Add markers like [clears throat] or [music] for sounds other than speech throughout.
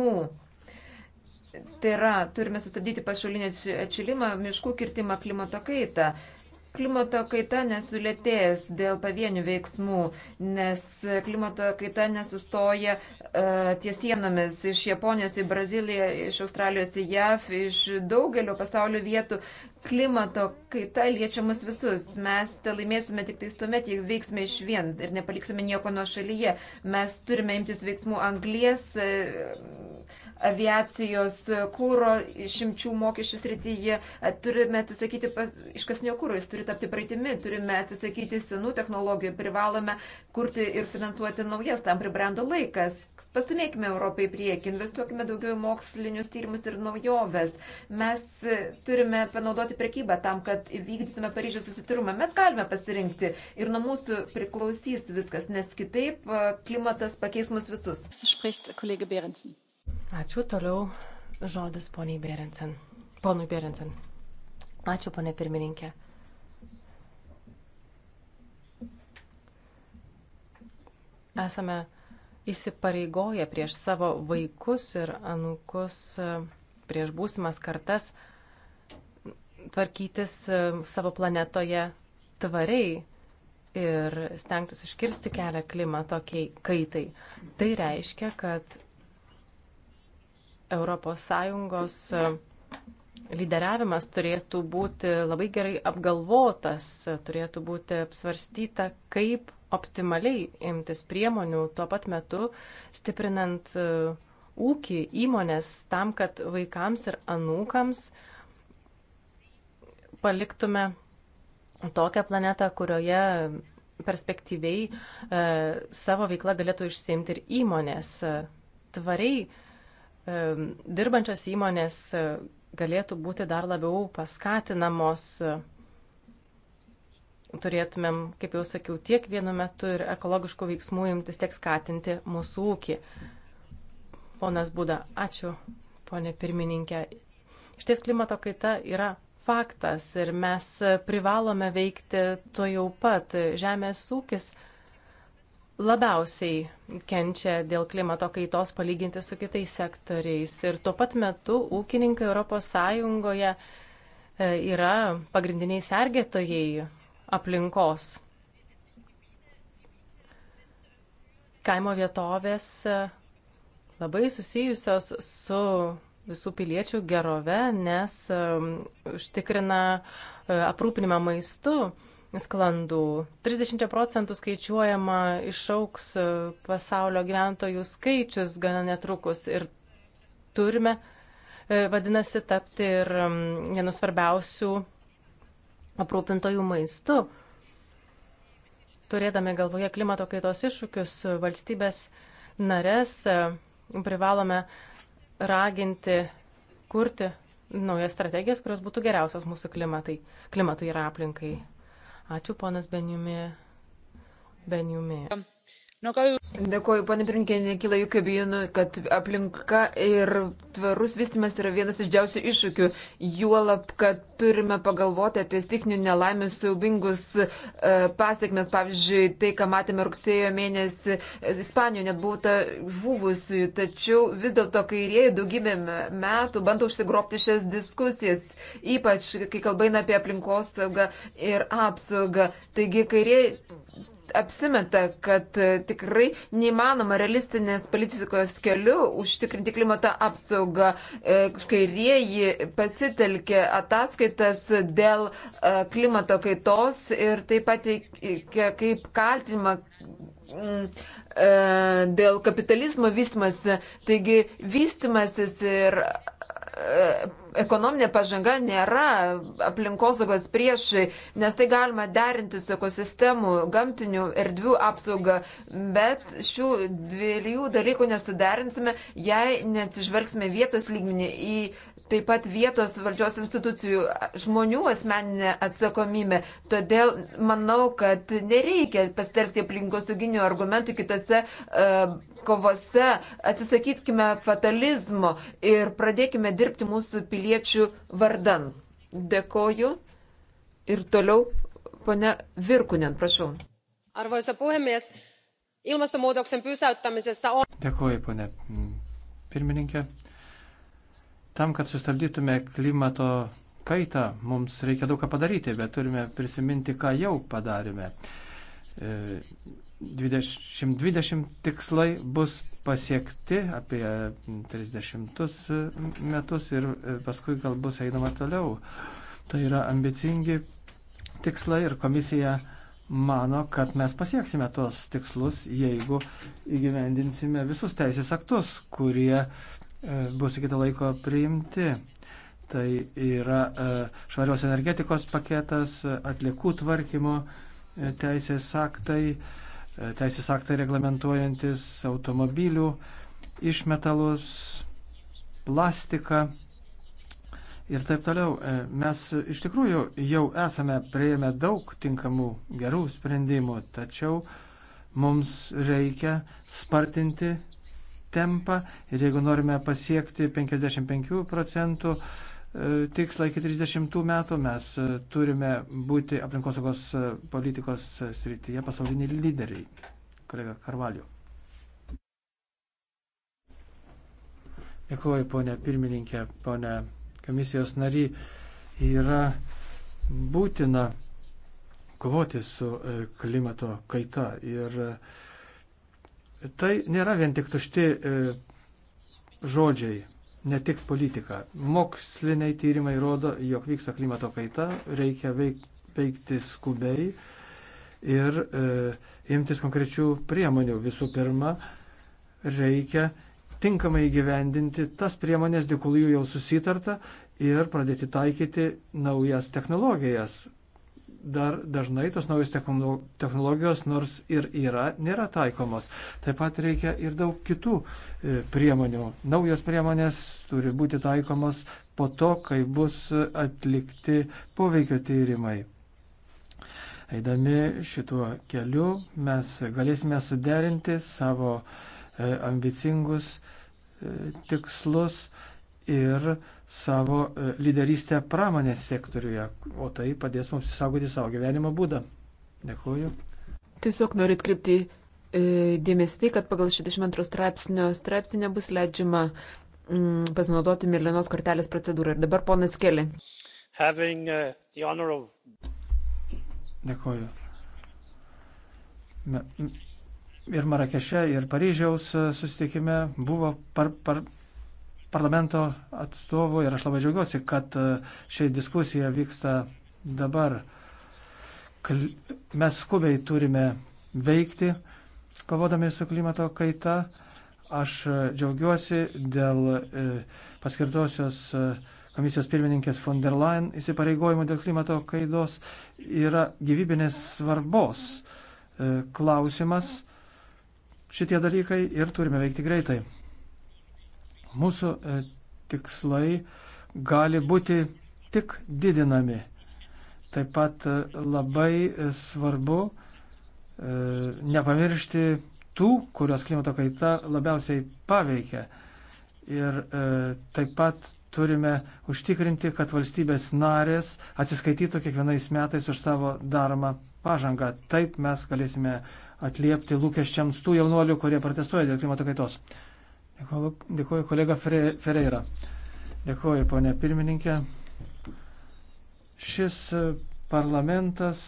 namų. Tai yra, turime sustabdyti pašalinį atšilimą, miškų kirtimą, klimato kaitą. Klimato kaita nesulėtės dėl pavienių veiksmų, nes klimato kaita nesustoja uh, ties sienomis iš Japonijos į Braziliją, iš Australijos į JAV, iš daugelio pasaulio vietų. Klimato kaita liečia mus visus. Mes tai laimėsime tik tais tuomet, jeigu veiksime iš vien ir nepaliksime nieko nuo šalyje. Mes turime imtis veiksmų anglies. Uh, aviacijos kūro šimčių mokesčių srityje, e, turime atsisakyti iškasnio kūro, jis turi tapti praeitimi, turime atsisakyti senų technologijų, privalome kurti ir finansuoti naujas, tam pribrendo laikas. Pastumėkime Europai priekį, investuokime daugiau į mokslinius tyrimus ir naujoves. Mes e, turime panaudoti prekybą tam, kad įvykdytume Paryžiaus susitirumą. Mes galime pasirinkti ir nuo mūsų priklausys viskas, nes kitaip e, klimatas pakeis mus visus. Spricht, kolegė Berendsen. Ačiū toliau. Žodis poniai Berensen. Ponui Berensen. Ačiū, ponė pirmininkė. Esame įsipareigoję prieš savo vaikus ir anūkus, prieš būsimas kartas tvarkytis e, savo planetoje tvariai ir stengtis užkirsti kelią klimato kaitai. Tai reiškia, kad ES e, lyderiavimas turėtų būti labai gerai apgalvotas, e, turėtų būti apsvarstyta, kaip optimaliai imtis priemonių tuo pat metu stiprinant e, ūkį, įmonės tam, kad vaikams ir anūkams paliktume tokią planetą, kurioje perspektyviai e, savo veiklą galėtų išsimti ir įmonės. Tvariai dirbančios įmonės e, galėtų būti dar labiau paskatinamos. Turėtumėm, kaip jau sakiau, tiek vienu metu ir ekologiškų veiksmų imtis, tiek skatinti mūsų ūkį. Ponas Būda, ačiū, ponė pirmininkė. Šties klimato kaita yra faktas ir mes privalome veikti to jau pat. Žemės ūkis labiausiai kenčia dėl klimato kaitos palyginti su kitais sektoriais. Ir tuo pat metu ūkininkai ES e, yra pagrindiniai sergėtojai aplinkos. Kaimo vietovės e, labai susijusios su visų piliečių gerove, nes e, užtikrina aprūpinimą maistu sklandų. 30 procentų skaičiuojama išauks e, pasaulio gyventojų skaičius gana netrukus ir turime, e, vadinasi, tapti ir vienu svarbiausių aprūpintojų maistu. Turėdami galvoje klimato kaitos iššūkius, valstybės narės e, privalome raginti kurti naujas strategijas, kurios būtų geriausios mūsų klimatai, klimatui ir aplinkai. Ačiū, ponas Benjumi. Benjumi. Nu, Dėkuoju, ponė Pirinkė, nekyla jokių abejonių, kad aplinka ir tvarus vystimas yra vienas iš didžiausių iššūkių. Juolab, kad turime pagalvoti apie stichnių nelaimių siaubingus e, pasiekmes. Pavyzdžiui, tai, ką matėme rugsėjo mėnesį e, Ispanijoje, net būta žuvusiųjų. Tačiau vis dėlto kairieji daugybę metų bando užsigropti šias diskusijas, ypač kai kalba eina apie aplinkosaugą ir apsaugą. Taigi, kairieji apsimeta, kad e, tikrai neįmanoma realistinės politikos keliu užtikrinti klimato apsaugą. E, kairieji pasitelkė ataskaitas dėl e, klimato kaitos ir taip pat kaip kaltinimą mm, dėl kapitalizmo vystimasi. Taigi vystimasis ir ekonominė pažanga nėra aplinkosaugos priešai, nes tai galima derinti su ekosistemų, gamtinių erdvių apsauga, bet šių dviejų dalykų nesuderinsime, jei neatsižvelgsime vietos lygmenį į taip pat vietos valdžios institucijų žmonių asmeninė atsakomybė. Todėl manau, kad nereikia pasitelkti aplinkosauginių argumentų kitose uh, kovose. Atsisakykime fatalizmo ir pradėkime dirbti mūsų piliečių vardan. Dėkoju. Ir toliau, ponia Virkunen, prašau. Arvoisa puhemies, ilmastonmuutoksen pysäyttämisessä on... Dėkoju, ponia pirmininkė. Tam, kad sustabdytume klimato kaitą, mums reikia daug ką padaryti, bet turime prisiminti, ką jau padarėme. 2020 e, tikslai bus pasiekti apie 30 metus ir e, paskui gal bus einama toliau. Tai yra ambicingi tikslai ir komisija mano, kad mes pasieksime tos tikslus, jeigu įgyvendinsime visus teisės aktus, kurie E, bus iki to laiko priimti. Tai yra e, švarios energetikos paketas, atliekų tvarkymo e, teisės aktai, teisės aktai reglamentuojantis automobilių išmetalus, plastiką ir taip toliau. Mes iš tikrųjų jau esame prieėmę daug tinkamų gerų sprendimų, tačiau mums reikia spartinti tempą ir jeigu norime pasiekti 55 procentų e, tikslą iki 30 metų, mes e, turime būti aplinkosaugos e, politikos srityje pasauliniai lyderiai. Kolega Karvaliu. Dėkuoju, ponė pirmininkė, ponė komisijos nary. Yra būtina kovoti su klimato kaita ir uh, Tai nėra vien tik tušti e, žodžiai, ne tik politika. Moksliniai tyrimai rodo, jog vyksta klimato kaita, reikia veik, veikti skubiai ir e, imtis konkrečių priemonių. Visų pirma, reikia tinkamai gyvendinti tas priemonės, dėl kurių jau susitarta ir pradėti taikyti naujas technologijas, dar dažnai tos naujos technologijos, nors ir yra, nėra taikomos. Taip pat reikia ir daug kitų e, priemonių. Naujos priemonės turi būti taikomos po to, kai bus atlikti poveikio tyrimai. Eidami šituo keliu mes galėsime suderinti savo e, ambicingus e, tikslus ir savo e, lyderystę pramonės sektoriuje, o tai padės mums įsaugoti savo gyvenimo būdą. Dėkuoju. Tiesiog noriu atkreipti e, dėmesį tai, kad pagal 62 straipsnio straipsnį nebus leidžiama mm, pasinaudoti Mirlinos kortelės procedūrą. Ir dabar ponas Keli. Having, uh, of... Dėkuoju. Me, ir Marakeše, ir Paryžiaus e, susitikime buvo par, par, parlamento atstovų ir aš labai džiaugiuosi, kad e, šiai diskusija vyksta dabar. Mes skubiai turime veikti, kovodami su klimato kaita. Aš e, džiaugiuosi dėl e, paskirtosios komisijos pirmininkės von der Leyen įsipareigojimų dėl klimato kaidos yra gyvybinės svarbos klausimas šitie dalykai ir turime veikti greitai. Mūsų e, tikslai gali būti tik didinami. Taip pat e, labai e, svarbu nepamiršti tų, kurios klimato kaita labiausiai paveikia. Ir taip pat turime užtikrinti, kad valstybės narės atsiskaitytų kiekvienais metais už savo daromą pažangą. Taip mes galėsime atliepti lūkesčiams tų jaunuolių, kurie protestuoja dėl klimato kaitos. Dėkuoju kolega Ferreira. Dėkuoju ponė pirmininkė. Šis parlamentas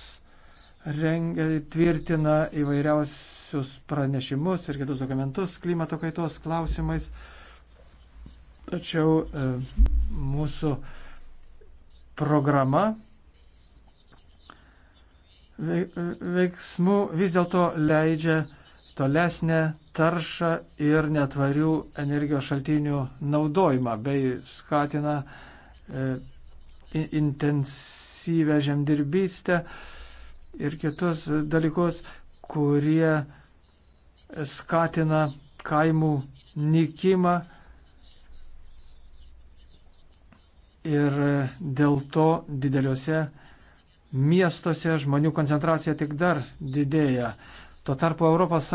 rengia, tvirtina įvairiausius pranešimus ir kitus dokumentus klimato kaitos klausimais. Tačiau e, mūsų programa veiksmų vis dėlto leidžia e, tolesnę taršą ir netvarių energijos šaltinių naudojimą, bei skatina e, intensyvę žemdirbystę ir kitus dalykus, kurie skatina kaimų nykimą ir dėl to dideliuose miestuose žmonių koncentracija tik dar didėja. Tuo tarpu ES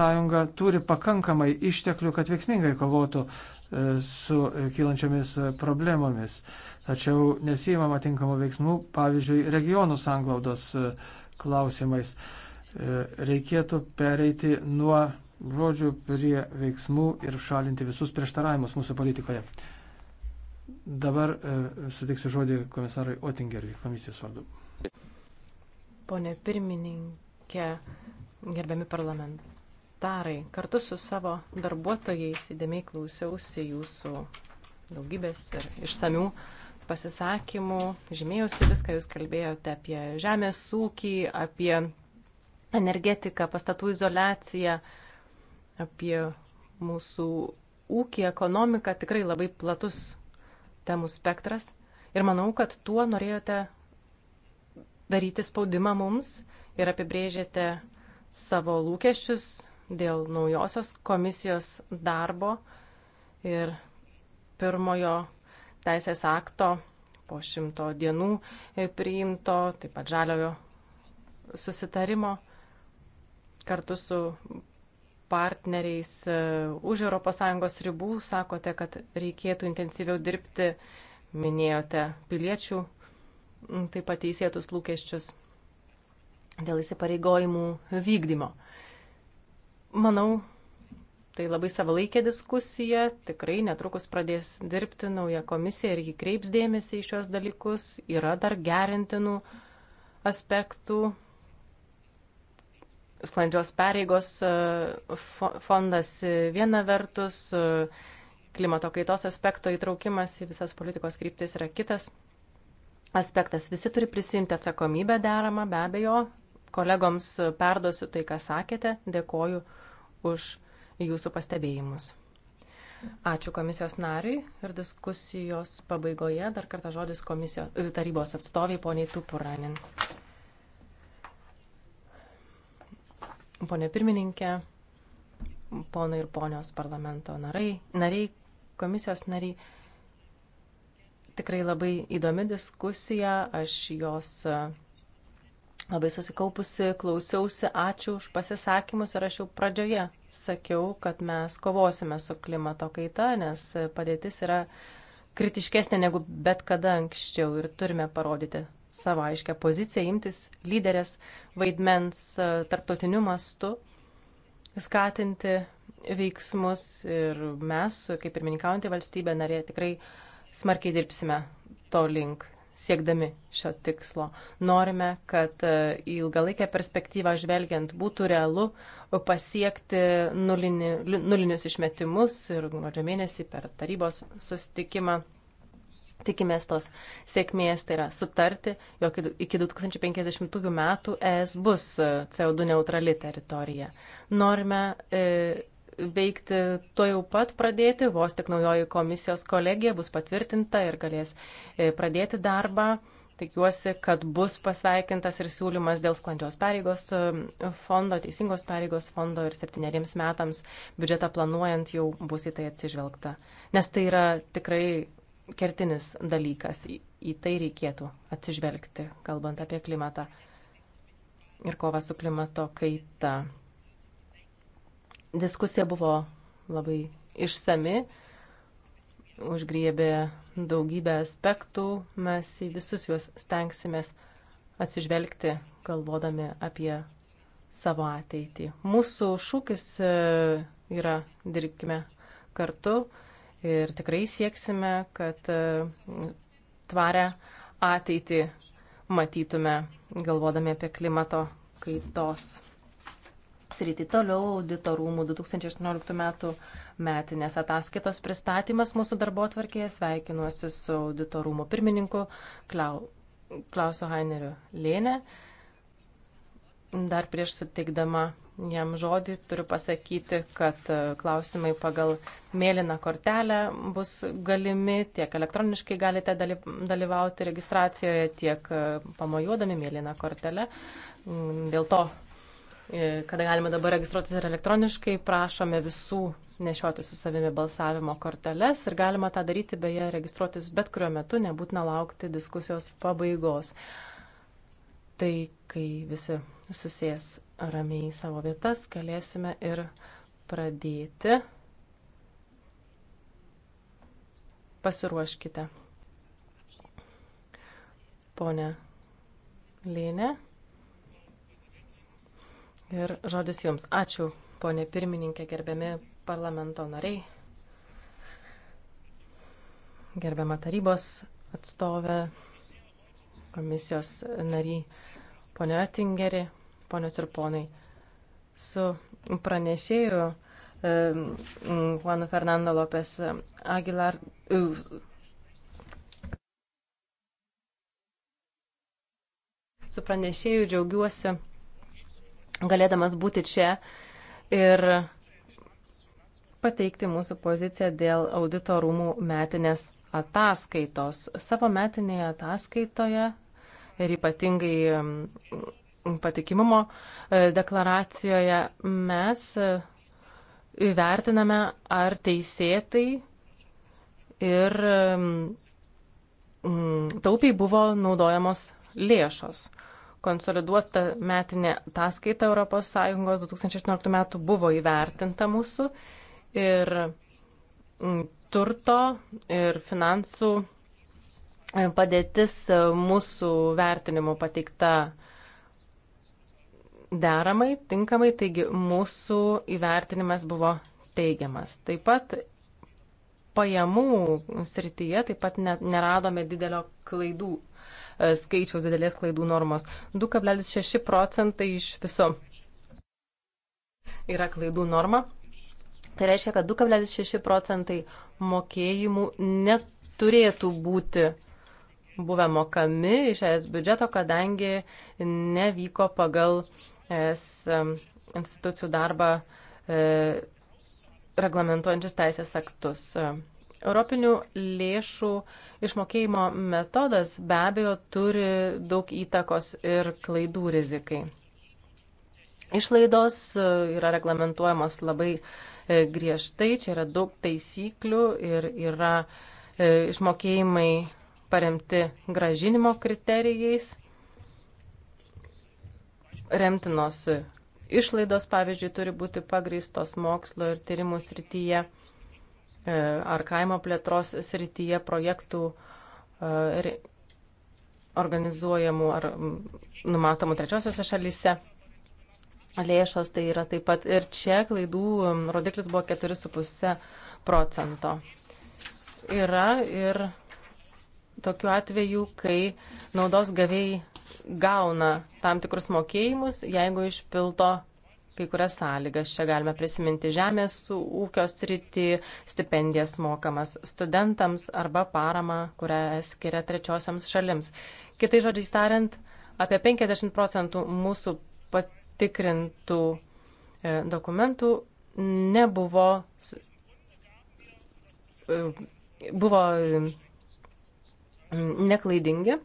turi pakankamai išteklių, kad veiksmingai kovotų e, su e, kylančiomis e, problemomis. Tačiau nesijimama tinkamų veiksmų, pavyzdžiui, regionų sanglaudos klausimais. Reikėtų pereiti nuo žodžių prie veiksmų ir šalinti visus prieštaravimus mūsų politikoje. Dabar sutiksiu žodį komisarui Otingeriui, komisijos vardu. Pone pirmininkė, Gerbiami parlamentarai, kartu su savo darbuotojais įdėmiai klausiausi jūsų daugybės ir išsamių pasisakymų, žymėjausi viską, jūs kalbėjote apie žemės ūkį, apie energetiką, pastatų izolaciją, apie mūsų ūkį, ekonomiką, tikrai labai platus temų spektras. Ir manau, kad tuo norėjote daryti spaudimą mums ir apibrėžėte savo lūkesčius dėl naujosios komisijos darbo ir pirmojo teisės akto po šimto dienų priimto, taip pat žaliojo susitarimo kartu su partneriais e, už ES ribų. Sakote, kad reikėtų intensyviau dirbti, minėjote piliečių, taip pat teisėtus lūkesčius dėl įsipareigojimų vykdymo. Manau, tai labai savalaikė diskusija, tikrai netrukus pradės dirbti nauja komisija ir jį kreips dėmesį į šios dalykus, yra dar gerintinų aspektų. Sklandžios pareigos e, fondas e, viena vertus, e, klimato kaitos aspekto įtraukimas į visas politikos kryptis yra kitas aspektas. Visi turi prisimti atsakomybę deramą, be abejo, Kolegoms perdosiu tai, ką sakėte. Dėkoju už jūsų pastebėjimus. Ačiū komisijos nariui ir diskusijos pabaigoje dar kartą žodis komisijos e, tarybos atstoviai poniai Tupuranin. Pone pirmininkė, ponai ir ponios parlamento narai, nariai, komisijos nariai, tikrai labai įdomi diskusija, aš jos labai susikaupusi, klausiausi, ačiū už pasisakymus ir aš jau pradžioje sakiau, kad mes kovosime su klimato kaita, nes padėtis yra kritiškesnė negu bet kada anksčiau ir turime parodyti savo aiškę poziciją, imtis lyderės vaidmens e, tarptautiniu mastu, skatinti veiksmus ir mes, kaip pirmininkaujantį valstybę narė, tikrai smarkiai dirbsime to link siekdami šio tikslo. Norime, kad e, į ilgalaikę perspektyvą žvelgiant būtų realu pasiekti nulini, nulinius išmetimus ir gruodžio mėnesį per tarybos sustikimą. Tikimės tos sėkmės, tai yra sutarti, jog iki 2050 metų ES bus e, CO2 neutrali teritorija. Norime e, veikti to jau pat pradėti, vos tik naujoji komisijos kolegija bus patvirtinta ir galės e, pradėti darbą. Tikiuosi, kad bus pasveikintas ir siūlymas dėl sklandžios pareigos e, fondo, teisingos pareigos fondo ir septyneriems metams biudžetą planuojant jau bus į tai atsižvelgta. Nes tai yra tikrai kertinis dalykas, į, į tai reikėtų atsižvelgti, kalbant apie klimatą ir kovą su klimato kaita. Diskusija buvo labai išsami, užgriebė daugybę aspektų, mes į visus juos stengsimės atsižvelgti, galvodami apie savo ateitį. Mūsų šūkis e, yra dirbkime kartu ir tikrai sieksime, kad e, tvarę ateitį matytume, galvodami apie klimato kaitos sritį. Toliau audito rūmų 2018 metų metinės ataskaitos pristatymas mūsų darbo atvarkėje. Sveikinuosi su audito rūmų pirmininku Klau, Klausu Haineriu Lėne. Dar prieš sutikdama jam žodį turiu pasakyti, kad e, klausimai pagal mėlyną kortelę bus galimi, tiek elektroniškai galite dalyvauti registracijoje, tiek e, pamojuodami mėlyną kortelę. Mm, dėl to E, kada galime dabar registruotis ir elektroniškai, prašome visų nešioti su savimi balsavimo korteles ir galima tą daryti beje registruotis bet kuriuo metu, nebūtina laukti diskusijos pabaigos. Tai kai visi susės ramiai į savo vietas, galėsime ir pradėti. Pasiruoškite. Pone Lėne. Ir žodis jums. Ačiū, ponė pirmininkė, gerbiami parlamento nariai, gerbiama tarybos atstovė, komisijos nariai, ponė Atingeri, ponios ir ponai. Su pranešėju e, Juanu Fernando Lopes Aguilar. E, su pranešėju džiaugiuosi galėdamas būti čia ir pateikti mūsų poziciją dėl audito rūmų metinės ataskaitos. Savo metinėje ataskaitoje ir ypatingai mm, patikimumo e, deklaracijoje mes e, įvertiname, ar teisėtai ir mm, mm, taupiai buvo naudojamos lėšos konsoliduota metinė ataskaita ES 2018 metų buvo įvertinta mūsų ir mm, turto ir finansų e, padėtis e, mūsų vertinimu pateikta deramai, tinkamai, taigi mūsų įvertinimas buvo teigiamas. Taip pat pajamų srityje taip pat net neradome didelio klaidų E, skaičiaus didelės klaidų normos. 2,6 procentai iš viso yra klaidų norma. Tai reiškia, kad 2,6 procentai mokėjimų neturėtų būti buvę mokami iš ES biudžeto, kadangi nevyko pagal ES institucijų darbą e, reglamentuojančius teisės aktus. Europinių lėšų e, Išmokėjimo metodas be abejo turi daug įtakos ir klaidų rizikai. Išlaidos e, yra reglamentuojamos labai e, griežtai, čia yra daug taisyklių ir yra e, išmokėjimai paremti gražinimo kriterijais, remtinos išlaidos, pavyzdžiui, turi būti pagrįstos mokslo ir tyrimų srityje. E, ar kaimo plėtros srityje projektų e, organizuojamų ar numatomų trečiosiuose šalyse lėšos, tai yra taip pat ir čia klaidų rodiklis buvo 4,5 procento. Yra ir tokių atvejų, kai naudos gavėjai gauna tam tikrus mokėjimus, jeigu išpilto kai kurias sąlygas. Čia galime prisiminti žemės ūkio sritį, stipendijas mokamas studentams arba paramą, kurią skiria trečiosiams šalims. Kitai žodžiai tariant, apie 50 procentų mūsų patikrintų e, dokumentų nebuvo e, buvo neklaidingi.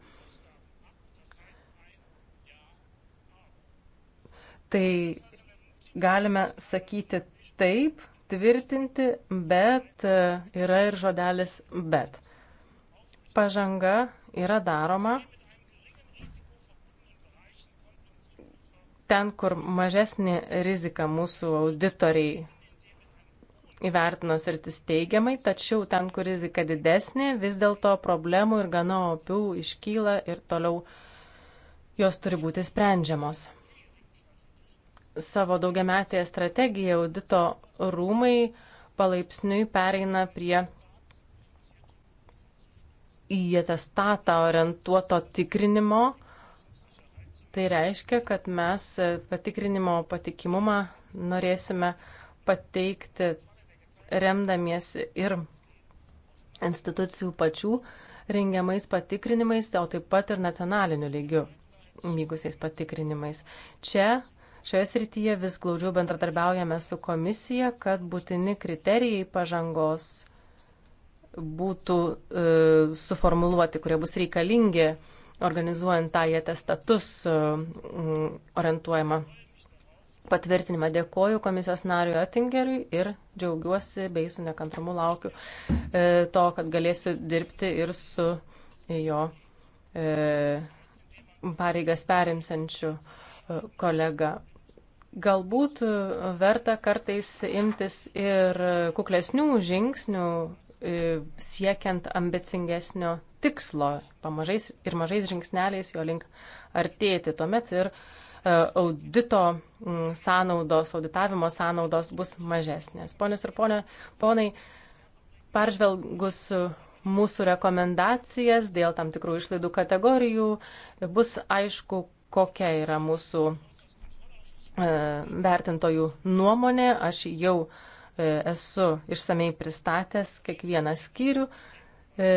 Tai galime sakyti taip, tvirtinti, bet e, yra ir žodelis bet. Pažanga yra daroma ten, kur mažesnė rizika mūsų auditoriai įvertino sritis teigiamai, tačiau ten, kur rizika didesnė, vis dėlto problemų ir gana opių iškyla ir toliau jos turi būti sprendžiamos savo daugiametėje strategijoje audito rūmai palaipsniui pereina prie į atestatą orientuoto tikrinimo. Tai reiškia, kad mes patikrinimo patikimumą norėsime pateikti remdamiesi ir institucijų pačių rengiamais patikrinimais, o taip pat ir nacionaliniu lygiu vykusiais patikrinimais. Čia Šioje srityje vis glaudžiau bendradarbiaujame su komisija, kad būtini kriterijai pažangos būtų e, suformuluoti, kurie bus reikalingi organizuojant tą į atestatus e, orientuojamą patvirtinimą. Dėkoju komisijos nariui Atingeriui ir džiaugiuosi bei su nekantrumu laukiu e, to, kad galėsiu dirbti ir su jo e, pareigas perimsenčiu e, kolega. Galbūt e, verta kartais imtis ir kuklesnių žingsnių e, siekiant ambicingesnio tikslo, pamažais ir mažais žingsneliais jo link artėti. Tuomet ir e, audito sąnaudos, auditavimo sąnaudos bus mažesnės. Ponios ir ponė, ponai, peržvelgus mūsų rekomendacijas dėl tam tikrų išlaidų kategorijų, bus aišku, kokia yra mūsų E, vertintojų nuomonė. Aš jau e, esu išsamei pristatęs kiekvieną skyrių e,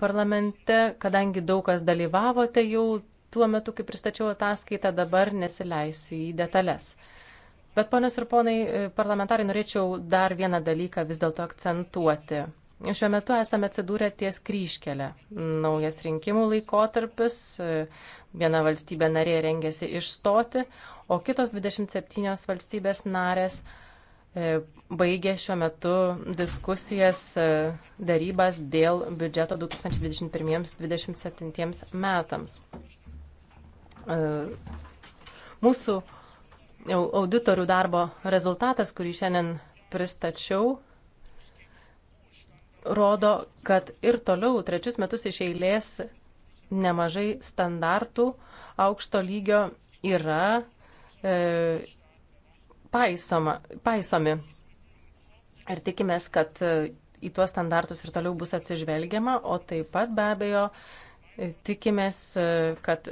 parlamente, kadangi daug kas dalyvavote jau tuo metu, kai pristačiau ataskaitą, dabar nesileisiu į detalės. Bet, ponios ir ponai, parlamentarai, norėčiau dar vieną dalyką vis dėlto akcentuoti. Šiuo metu esame atsidūrę ties kryškelė. Naujas rinkimų laikotarpis, viena valstybė narė rengiasi išstoti, o kitos 27 valstybės narės e, baigė šiuo metu diskusijas e, darybas dėl biudžeto 2021-2027 metams. E, mūsų auditorių darbo rezultatas, kurį šiandien pristačiau, rodo, kad ir toliau trečius metus iš eilės nemažai standartų aukšto lygio yra E, paisoma, paisomi. Ir tikimės, kad e, į tuos standartus ir toliau bus atsižvelgiama, o taip pat be abejo e, tikimės, kad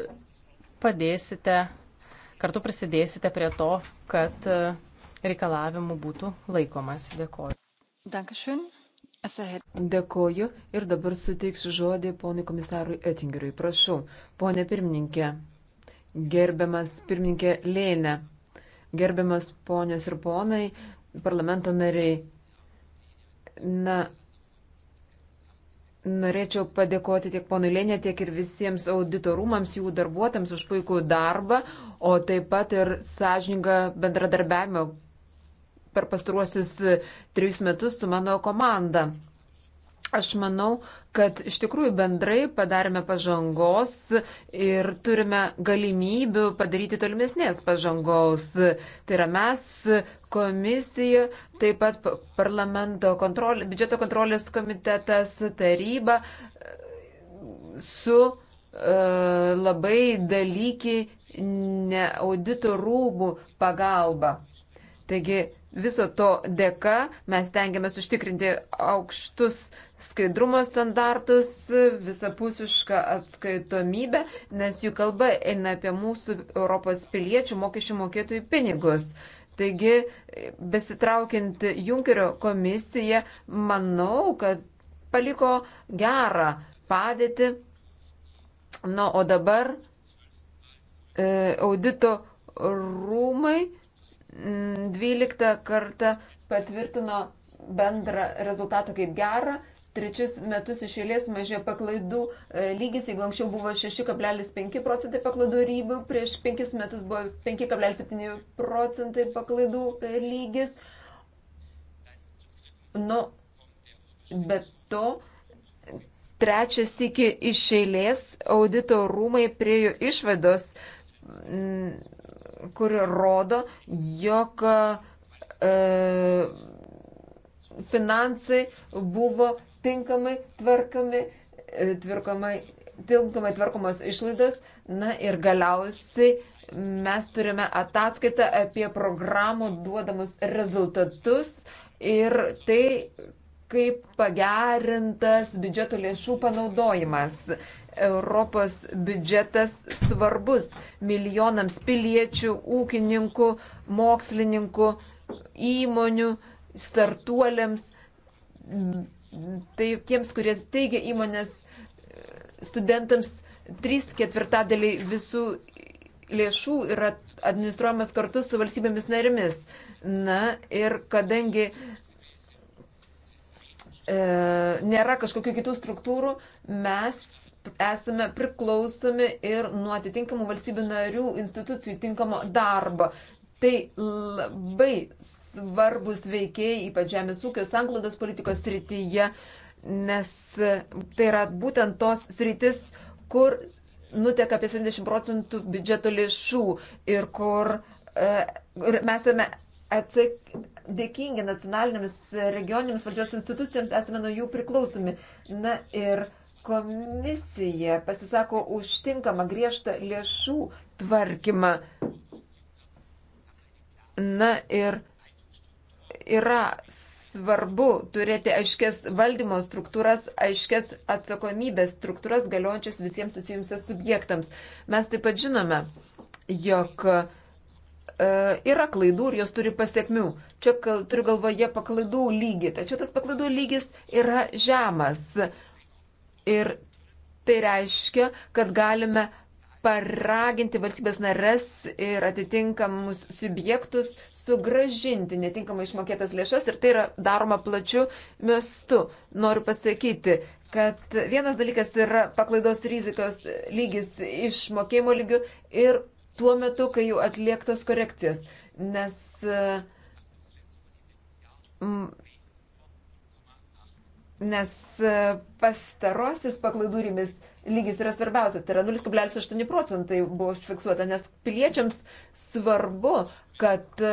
padėsite, kartu prisidėsite prie to, kad reikalavimų būtų laikomas. Dėkoju. Dankeschön. Dėkoju ir dabar suteiksiu žodį ponui komisarui Ettingeriui. Prašau, ponė pirmininkė gerbiamas pirmininkė Lėne, gerbiamas ponios ir ponai, parlamento nariai. Na, norėčiau padėkoti tiek ponui Lėnė, tiek ir visiems auditorumams, jų darbuotams už puikų darbą, o taip pat ir sąžiningą bendradarbiavimą per pastaruosius trejus metus su mano komanda. Aš manau, kad iš tikrųjų bendrai padarėme pažangos ir turime galimybių padaryti tolimesnės pažangos. Tai yra mes, komisija, taip pat parlamento kontrolė, biudžeto kontrolės komitetas, taryba su e, labai dalykį neaudito rūmų pagalba. Taigi viso to dėka mes tengiamės užtikrinti aukštus skaidrumo standartus, visapusišką atskaitomybę, nes jų kalba eina apie mūsų Europos piliečių mokesčių mokėtojų pinigus. Taigi, besitraukiant Junkerio komisiją, manau, kad paliko gerą padėtį. Na, nu, o dabar e, audito rūmai 12 kartą patvirtino bendrą rezultatą kaip gerą trečius metus išėlės mažėjo paklaidų e, lygis, jeigu anksčiau buvo 6,5 procentai paklaidų rybių, prieš 5 metus buvo 5,7 procentai paklaidų e, lygis. Nu, bet to trečias iki išėlės audito rūmai priejo išvados, mm, kuri rodo, jog e, finansai buvo tinkamai tvarkami, e, tvarkomai, tinkamai tvarkomos išlaidos. Na ir galiausiai mes turime ataskaitą apie programų duodamus rezultatus ir tai, kaip pagerintas biudžeto lėšų panaudojimas. Europos biudžetas svarbus milijonams piliečių, ūkininkų, mokslininkų, įmonių, startuoliams tai tiems, kurie teigia įmonės e, studentams, trys ketvirtadaliai visų lėšų yra administruojamas kartu su valstybėmis narimis. Na ir kadangi e, nėra kažkokių kitų struktūrų, mes esame priklausomi ir nuo atitinkamų valstybių narių institucijų tinkamo darbo. Tai labai svarbus veikėjai, ypač žemės ūkio sanglaudos politikos srityje, nes tai yra būtent tos sritis, kur nuteka apie 70 procentų biudžeto lėšų ir kur uh, ir mes esame atsak... dėkingi nacionalinėms regioninėms valdžios institucijoms, esame nuo jų priklausomi. Na ir komisija pasisako už tinkamą griežtą lėšų tvarkymą. Na ir yra svarbu turėti aiškes valdymo struktūras, aiškes atsakomybės struktūras galiojančias visiems susijusiams subjektams. Mes taip pat žinome, jog e, yra klaidų ir jos turi pasiekmių. Čia kal, turiu galvoje paklaidų lygį, tačiau tas paklaidų lygis yra žemas. Ir tai reiškia, kad galime paraginti valstybės nares ir atitinkamus subjektus sugražinti netinkamai išmokėtas lėšas ir tai yra daroma plačiu miestu. Noriu pasakyti, kad vienas dalykas yra paklaidos rizikos lygis išmokėjimo lygių ir tuo metu, kai jau atliektos korekcijos. Nes mm, nes e, pastarosis paklaidūrimis lygis yra svarbiausias, tai yra 0,8 procentai buvo užfiksuota, nes piliečiams svarbu, kad e,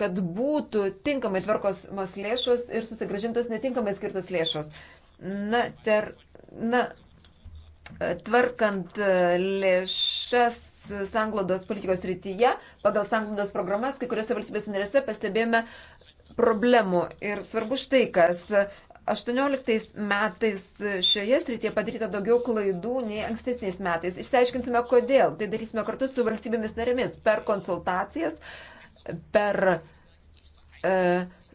kad būtų tinkamai tvarkos lėšos ir susigražintos netinkamai skirtos lėšos. Na, ter, na, tvarkant e, lėšas sanglodos politikos rytyje, pagal sanglodos programas, kai kuriuose valstybės narėse pastebėjome problemų. Ir svarbu štai, kas 18 metais šioje srityje padaryta daugiau klaidų nei ankstesniais metais. Išsiaiškinsime, kodėl. Tai darysime kartu su valstybėmis narėmis per konsultacijas, per e,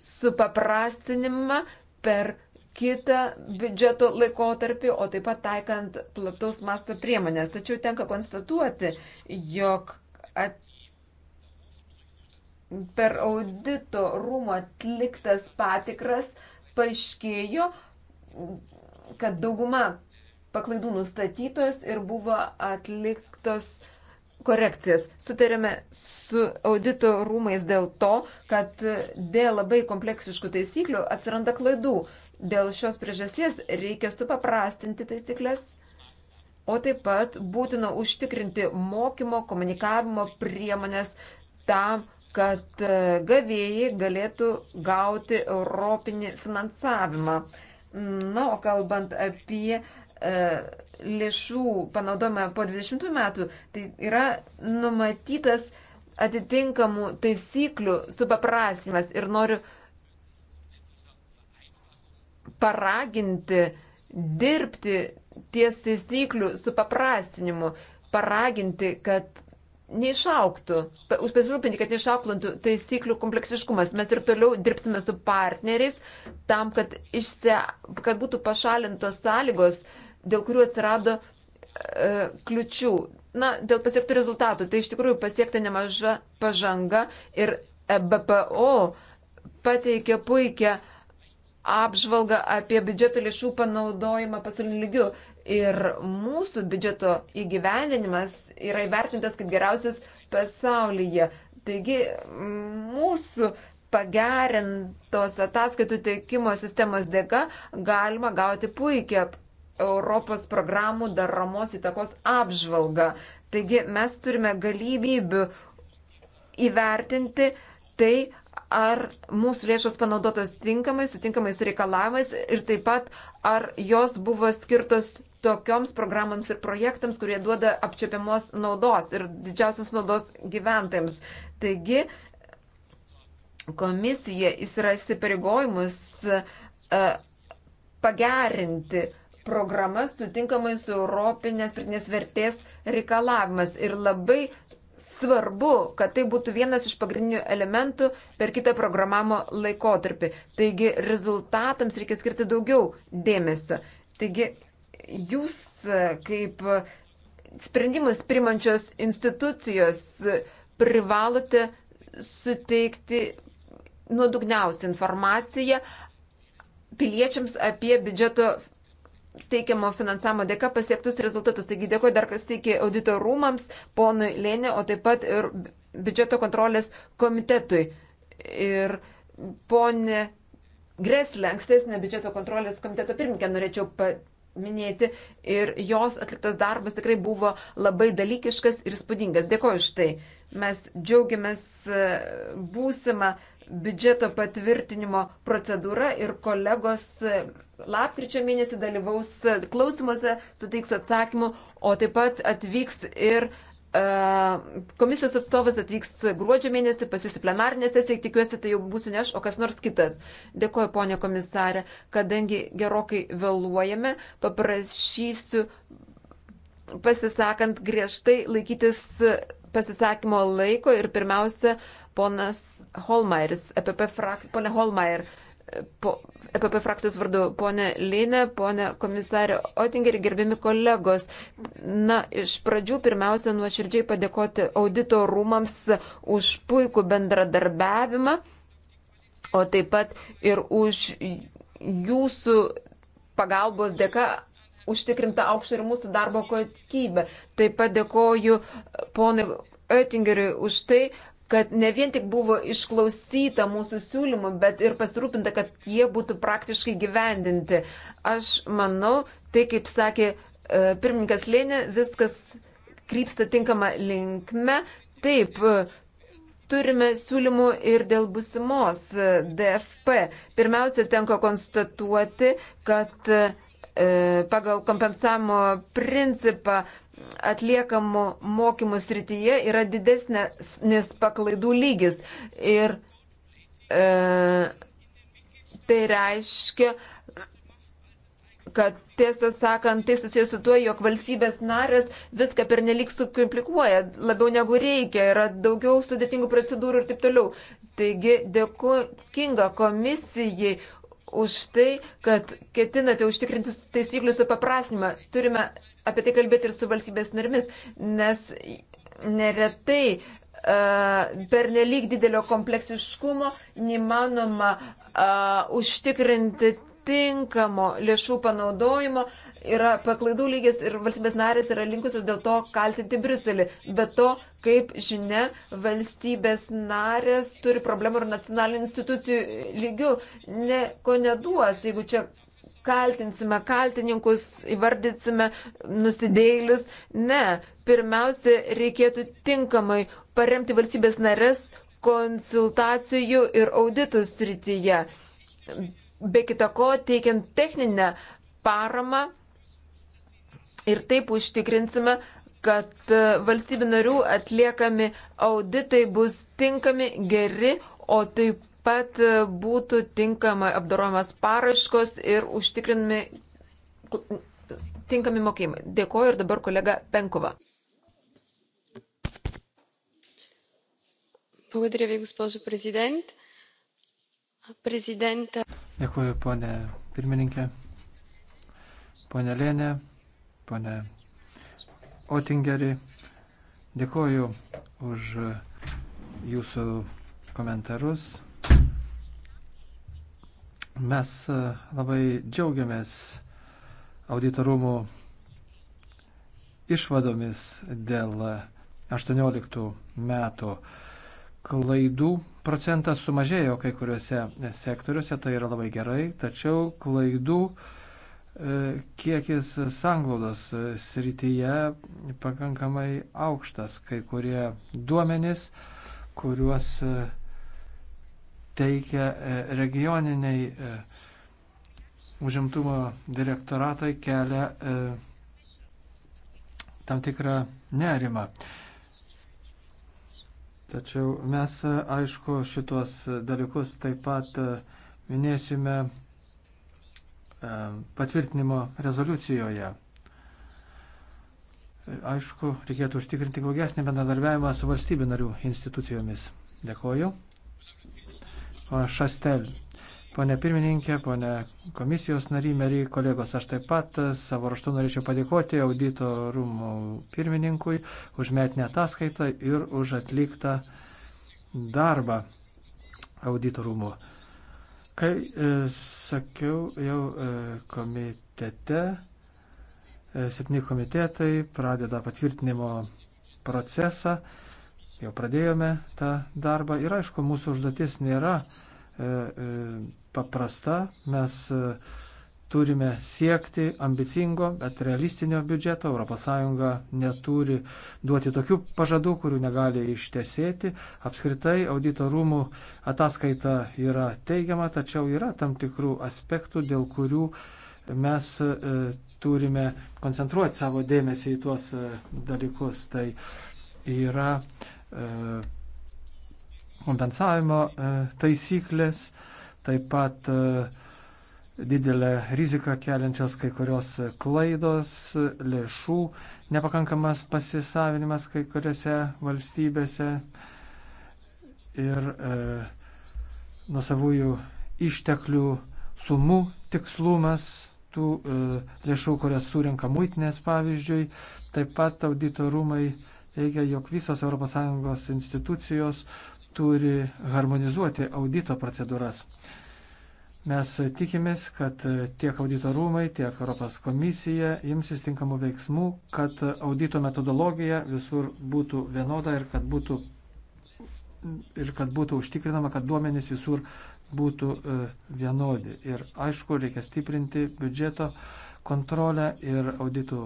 supaprastinimą, per kitą biudžeto laikotarpį, o taip pat taikant plataus masto priemonės. Tačiau tenka konstatuoti, jog at... per audito rūmų atliktas patikras uh, paaiškėjo, kad dauguma paklaidų nustatytos ir buvo atliktos korekcijas. Sutarėme su audito rūmais dėl to, kad dėl labai kompleksiškų taisyklių atsiranda klaidų. Dėl šios priežasties reikia supaprastinti taisyklės, o taip pat būtina užtikrinti mokymo, komunikavimo priemonės tam, kad e, gavėjai galėtų gauti europinį finansavimą. Na, o kalbant apie e, lėšų panaudojimą po 20 metų, tai yra numatytas atitinkamų taisyklių supaprasimas ir noriu paraginti dirbti ties taisyklių supaprastinimu, paraginti, kad neišauktų, pasirūpinti, kad neišauktų taisyklių kompleksiškumas. Mes ir toliau dirbsime su partneriais tam, kad, išse, kad būtų pašalintos sąlygos, dėl kurių atsirado e, kliučių. Na, dėl pasiektų rezultatų, tai iš tikrųjų pasiekta nemaža pažanga ir e BPO pateikė puikią apžvalgą apie biudžeto lėšų panaudojimą pasauliniu lygiu. Ir mūsų biudžeto įgyvendinimas yra įvertintas kaip geriausias pasaulyje. Taigi mūsų pagerintos ataskaitų teikimo sistemos dėka galima gauti puikią Europos programų daromos įtakos apžvalgą. Taigi mes turime galimybių įvertinti tai, ar mūsų lėšos panaudotos tinkamai, sutinkamai su reikalavimais ir taip pat, ar jos buvo skirtos tokioms programams ir projektams, kurie duoda apčiopiamos naudos ir didžiausios naudos gyventojams. Taigi, komisija yra įsipareigojimus e, pagerinti programas sutinkamai su Europinės pritinės vertės reikalavimas. Ir labai svarbu, kad tai būtų vienas iš pagrindinių elementų per kitą programavimo laikotarpį. Taigi rezultatams reikia skirti daugiau dėmesio. Taigi jūs e, kaip e, sprendimus primančios institucijos e, privalote suteikti nuodugniausią informaciją piliečiams apie biudžeto teikiamo finansavimo dėka pasiektus rezultatus. Taigi dėkoju dar kas iki audito rūmams, ponui Lėnė, o taip pat ir biudžeto kontrolės komitetui. Ir ponė Greslė, ankstesnė biudžeto kontrolės komiteto pirmininkė, norėčiau minėti ir jos atliktas darbas tikrai buvo labai dalykiškas ir spūdingas. Dėkoju už tai. Mes džiaugiamės e, būsimą biudžeto patvirtinimo procedūrą ir kolegos e, lapkričio mėnesį dalyvaus e, klausimuose, suteiks atsakymų, o taip pat atvyks ir Komisijos atstovas atvyks gruodžio mėnesį, pas jūs į plenarinę sesiją, tikiuosi, tai jau būsiu ne aš, o kas nors kitas. Dėkoju, ponė komisarė, kadangi gerokai vėluojame, paprašysiu pasisakant griežtai laikytis pasisakymo laiko ir pirmiausia, ponas Holmairis, EPP frakcija, ponė Holmair, po, EPP frakcijos vardu, ponė Lynė, ponė komisarė Otingeri, gerbimi kolegos. Na, iš pradžių pirmiausia nuoširdžiai padėkoti audito rūmams už puikų bendradarbiavimą, o taip pat ir už jūsų pagalbos dėka užtikrinta aukštą ir mūsų darbo kokybę. Taip pat dėkoju ponui Oettingeriui už tai, kad ne vien tik buvo išklausyta mūsų siūlymų, bet ir pasirūpinta, kad jie būtų praktiškai gyvendinti. Aš manau, tai kaip sakė e, pirmininkas Lėnė, viskas krypsta tinkama linkme. Taip, turime siūlymų ir dėl busimos e, DFP. Pirmiausia, tenka konstatuoti, kad e, pagal kompensavimo principą atliekamų mokymų srityje yra didesnis paklaidų lygis. Ir e, tai reiškia, kad tiesą sakant, tai susijęs su tuo, jog valstybės narės viską pernelik sukomplikuoja, labiau negu reikia, yra daugiau sudėtingų procedūrų ir taip toliau. Taigi dėkinga komisijai už tai, kad ketinate užtikrinti taisyklių supaprasnimą. Turime apie tai kalbėti ir su valstybės narimis, nes neretai e, per nelik didelio kompleksiškumo neįmanoma e, užtikrinti tinkamo lėšų panaudojimo, yra paklaidų lygis ir valstybės narės yra linkusios dėl to kaltinti Briuselį. Be to, kaip žinia, valstybės narės turi problemų ir nacionalinių institucijų lygių, ne ko neduos, jeigu čia kaltinsime kaltininkus, įvardysime nusidėlius. Ne, pirmiausia, reikėtų tinkamai paremti valstybės narės konsultacijų ir auditų srityje. Be kita ko, teikiant techninę paramą ir taip užtikrinsime, kad valstybių narių atliekami auditai bus tinkami, geri, o taip pat e, būtų tinkamai apdaromas paraškos ir užtikrinami tinkami mokėjimai. Dėkoju ir dabar kolega Penkova. Благодаря ви, госпожо президент. Президента. Dėkuoju, ponė pirmininkė, ponė Lėnė, ponė Otingerį. Dėkuoju už jūsų komentarus, Mes e, labai džiaugiamės auditorumų išvadomis dėl 18 metų klaidų procentas sumažėjo kai kuriuose sektoriuose, tai yra labai gerai, tačiau klaidų e, kiekis sanglaudos srityje pakankamai aukštas. Kai kurie duomenys, kuriuos e, teikia e, regioniniai e, užimtumo direktoratai, kelia e, tam tikrą nerimą. Tačiau mes, aišku, šitos dalykus taip pat minėsime patvirtinimo rezoliucijoje. Aišku, reikėtų užtikrinti glaudesnį bendradarbiavimą su valstybių narių institucijomis. Dėkoju. Pana Šastel, Pone pirmininkė, pone komisijos narymeriai, kolegos, aš taip pat e, savo raštu norėčiau padėkoti audito rūmų pirmininkui už metinę ataskaitą ir už atliktą darbą audito rūmų. Kai e, sakiau jau e, komitete, e, septyni komitetai pradeda patvirtinimo procesą. E, jau pradėjome tą darbą ir aišku, mūsų užduotis nėra e, e, paprasta, mes e, turime siekti ambicingo, bet realistinio biudžeto. ES neturi duoti tokių pažadų, kurių negali ištesėti. Apskritai audito rūmų ataskaita yra teigiama, tačiau yra tam tikrų aspektų, dėl kurių mes e, turime koncentruoti savo dėmesį į tuos e, dalykus. Tai yra e, E, kompensavimo e, taisyklės, taip pat e, didelę riziką keliančios kai kurios klaidos, lėšų, nepakankamas pasisavinimas kai kuriuose valstybėse ir e, nusavųjų išteklių sumų tikslumas tų e, lėšų, kurias surinka muitinės pavyzdžiui, taip pat auditorumai rūmai reikia, jog visos ES institucijos turi harmonizuoti audito procedūras. Mes tikimės, kad tiek audito rūmai, tiek Europos komisija imsis tinkamų veiksmų, kad audito metodologija visur būtų vienoda ir kad būtų, ir kad būtų užtikrinama, kad duomenys visur būtų e, vienodi. Ir aišku, reikia stiprinti biudžeto kontrolę ir auditų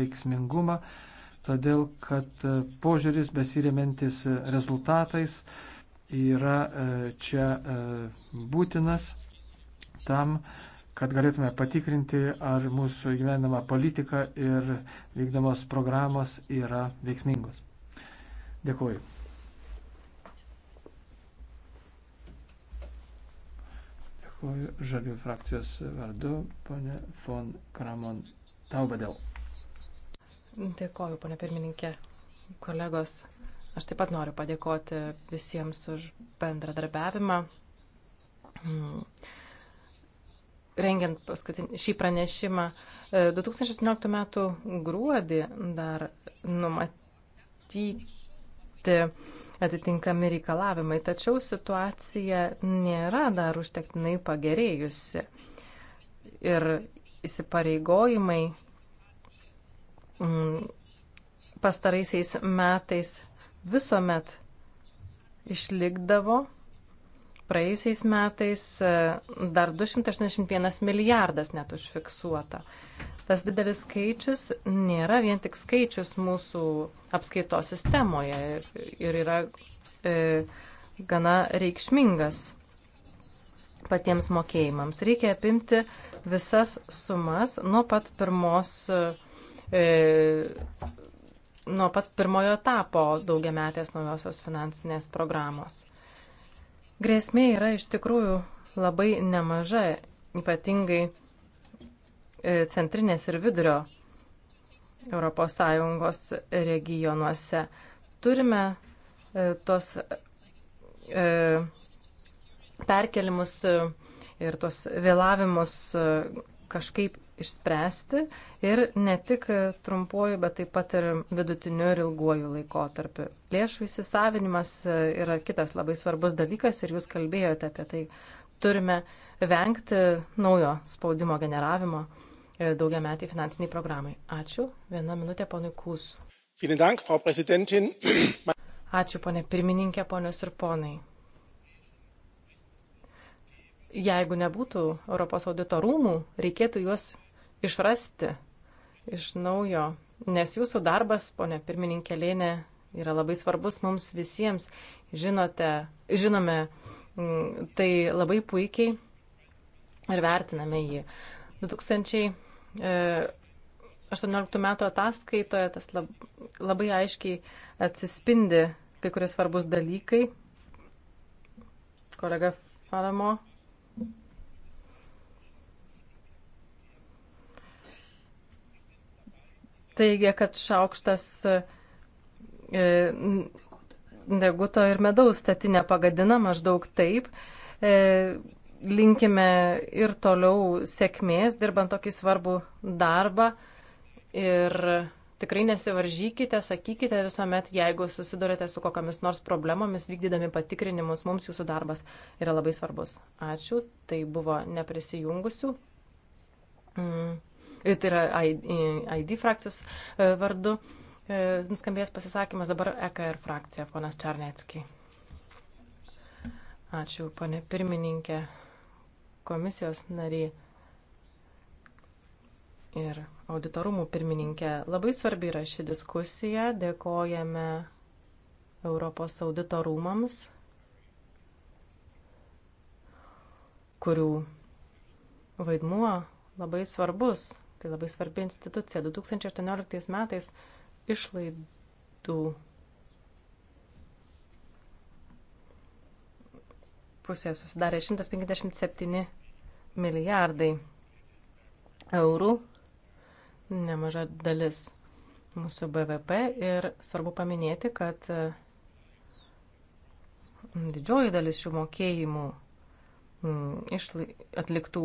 veiksmingumą todėl kad e, požiūris besirimintis rezultatais yra e, čia e, būtinas tam, kad galėtume patikrinti, ar mūsų gyvenama politika ir vykdomos programos yra veiksmingos. Dėkuoju. Dėkuoju žalių frakcijos vardu, ponė von Kramon Taubadėl. Dėkoju, ponė pirmininkė. Kolegos, aš taip pat noriu padėkoti visiems už bendradarbiavimą. Rengiant paskutinį, šį pranešimą, 2018 e, m. gruodį dar numatyti atitinkami reikalavimai, tačiau situacija nėra dar užtektinai pagerėjusi. Ir įsipareigojimai Mm, pastaraisiais metais visuomet išlikdavo. Praėjusiais metais e, dar 281 milijardas net užfiksuota. Tas didelis skaičius nėra vien tik skaičius mūsų apskaitos sistemoje ir yra e, gana reikšmingas patiems mokėjimams. Reikia apimti visas sumas nuo pat pirmos. E, E, nuo pat pirmojo etapo daugiametės naujosios finansinės programos. Grėsmė yra iš tikrųjų labai nemaža, ypatingai e, centrinės ir vidurio ES regionuose. Turime e, tuos perkelimus ir tuos vėlavimus kažkaip išspręsti ir ne tik trumpuoju, bet taip pat ir vidutiniu ir ilguoju laikotarpiu. Lėšų įsisavinimas yra kitas labai svarbus dalykas ir jūs kalbėjote apie tai. Turime vengti naujo spaudimo generavimo e, daugia metai finansiniai programai. Ačiū. Viena minutė ponui Kūsų. Ačiū, ponė pirmininkė, ponios ir ponai jeigu nebūtų Europos audito rūmų, reikėtų juos išrasti iš naujo, nes jūsų darbas, ponė pirmininkė Lėnė, yra labai svarbus mums visiems. Žinote, žinome mm, tai labai puikiai ir vertiname jį. 2018 e, metų ataskaitoje tas labai aiškiai atsispindi kai kurie svarbus dalykai. Kolega Falamo teigia, kad šaukštas e, deguto ir medaus statinę pagadina maždaug taip. E, linkime ir toliau sėkmės, dirbant tokį svarbų darbą. Ir tikrai nesivaržykite, sakykite visuomet, jeigu susidurite su kokiamis nors problemomis, vykdydami patikrinimus, mums jūsų darbas yra labai svarbus. Ačiū, tai buvo neprisijungusių. Mm. E, tai yra ID e, frakcijos e, vardu. Nuskambėjęs pasisakymas dabar EKR frakcija, ponas Čarnecki. Ačiū, ponė pirmininkė, komisijos nariai ir auditorumų pirmininkė. Labai svarbi yra ši diskusija. Dėkojame Europos auditorumams, kurių vaidmuo labai svarbus Tai labai svarbi institucija. 2018 metais išlaidų pusė susidarė 157 milijardai eurų, nemaža dalis mūsų BVP ir svarbu paminėti, kad mm, didžioji dalis šių mokėjimų mm, atliktų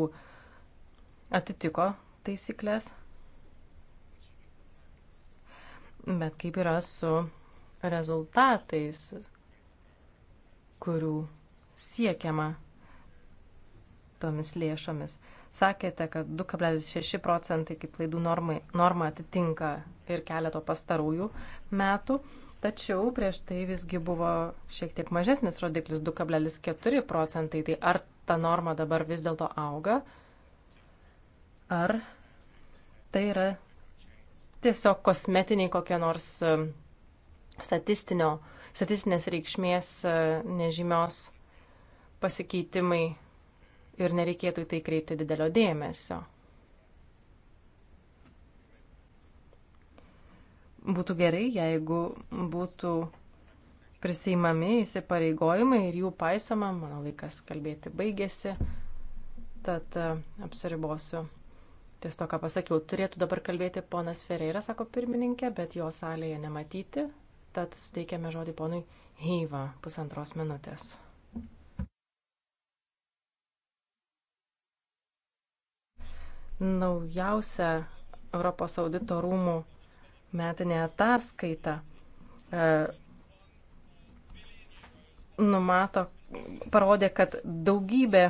atitiko taisyklės. Bet kaip yra su rezultatais, kurių siekiama tomis lėšomis. Sakėte, kad 2,6 procentai kaip klaidų normai, norma atitinka ir keleto pastarųjų metų, tačiau prieš tai visgi buvo šiek tiek mažesnis rodiklis 2,4 procentai. Tai ar ta norma dabar vis dėlto auga, Ar tai yra tiesiog kosmetiniai kokie nors statistinio, statistinės reikšmės nežymios pasikeitimai ir nereikėtų į tai kreipti didelio dėmesio. Būtų gerai, jeigu būtų prisimami įsipareigojimai ir jų paisoma. Mano laikas kalbėti baigėsi, tad apsiribosiu Ties to, ką pasakiau, turėtų dabar kalbėti ponas Ferreira, sako pirmininkė, bet jo salėje nematyti, tad suteikėme žodį ponui Heiva pusantros minutės. Naujausia Europos audito rūmų metinė ataskaita e, numato, parodė, kad daugybė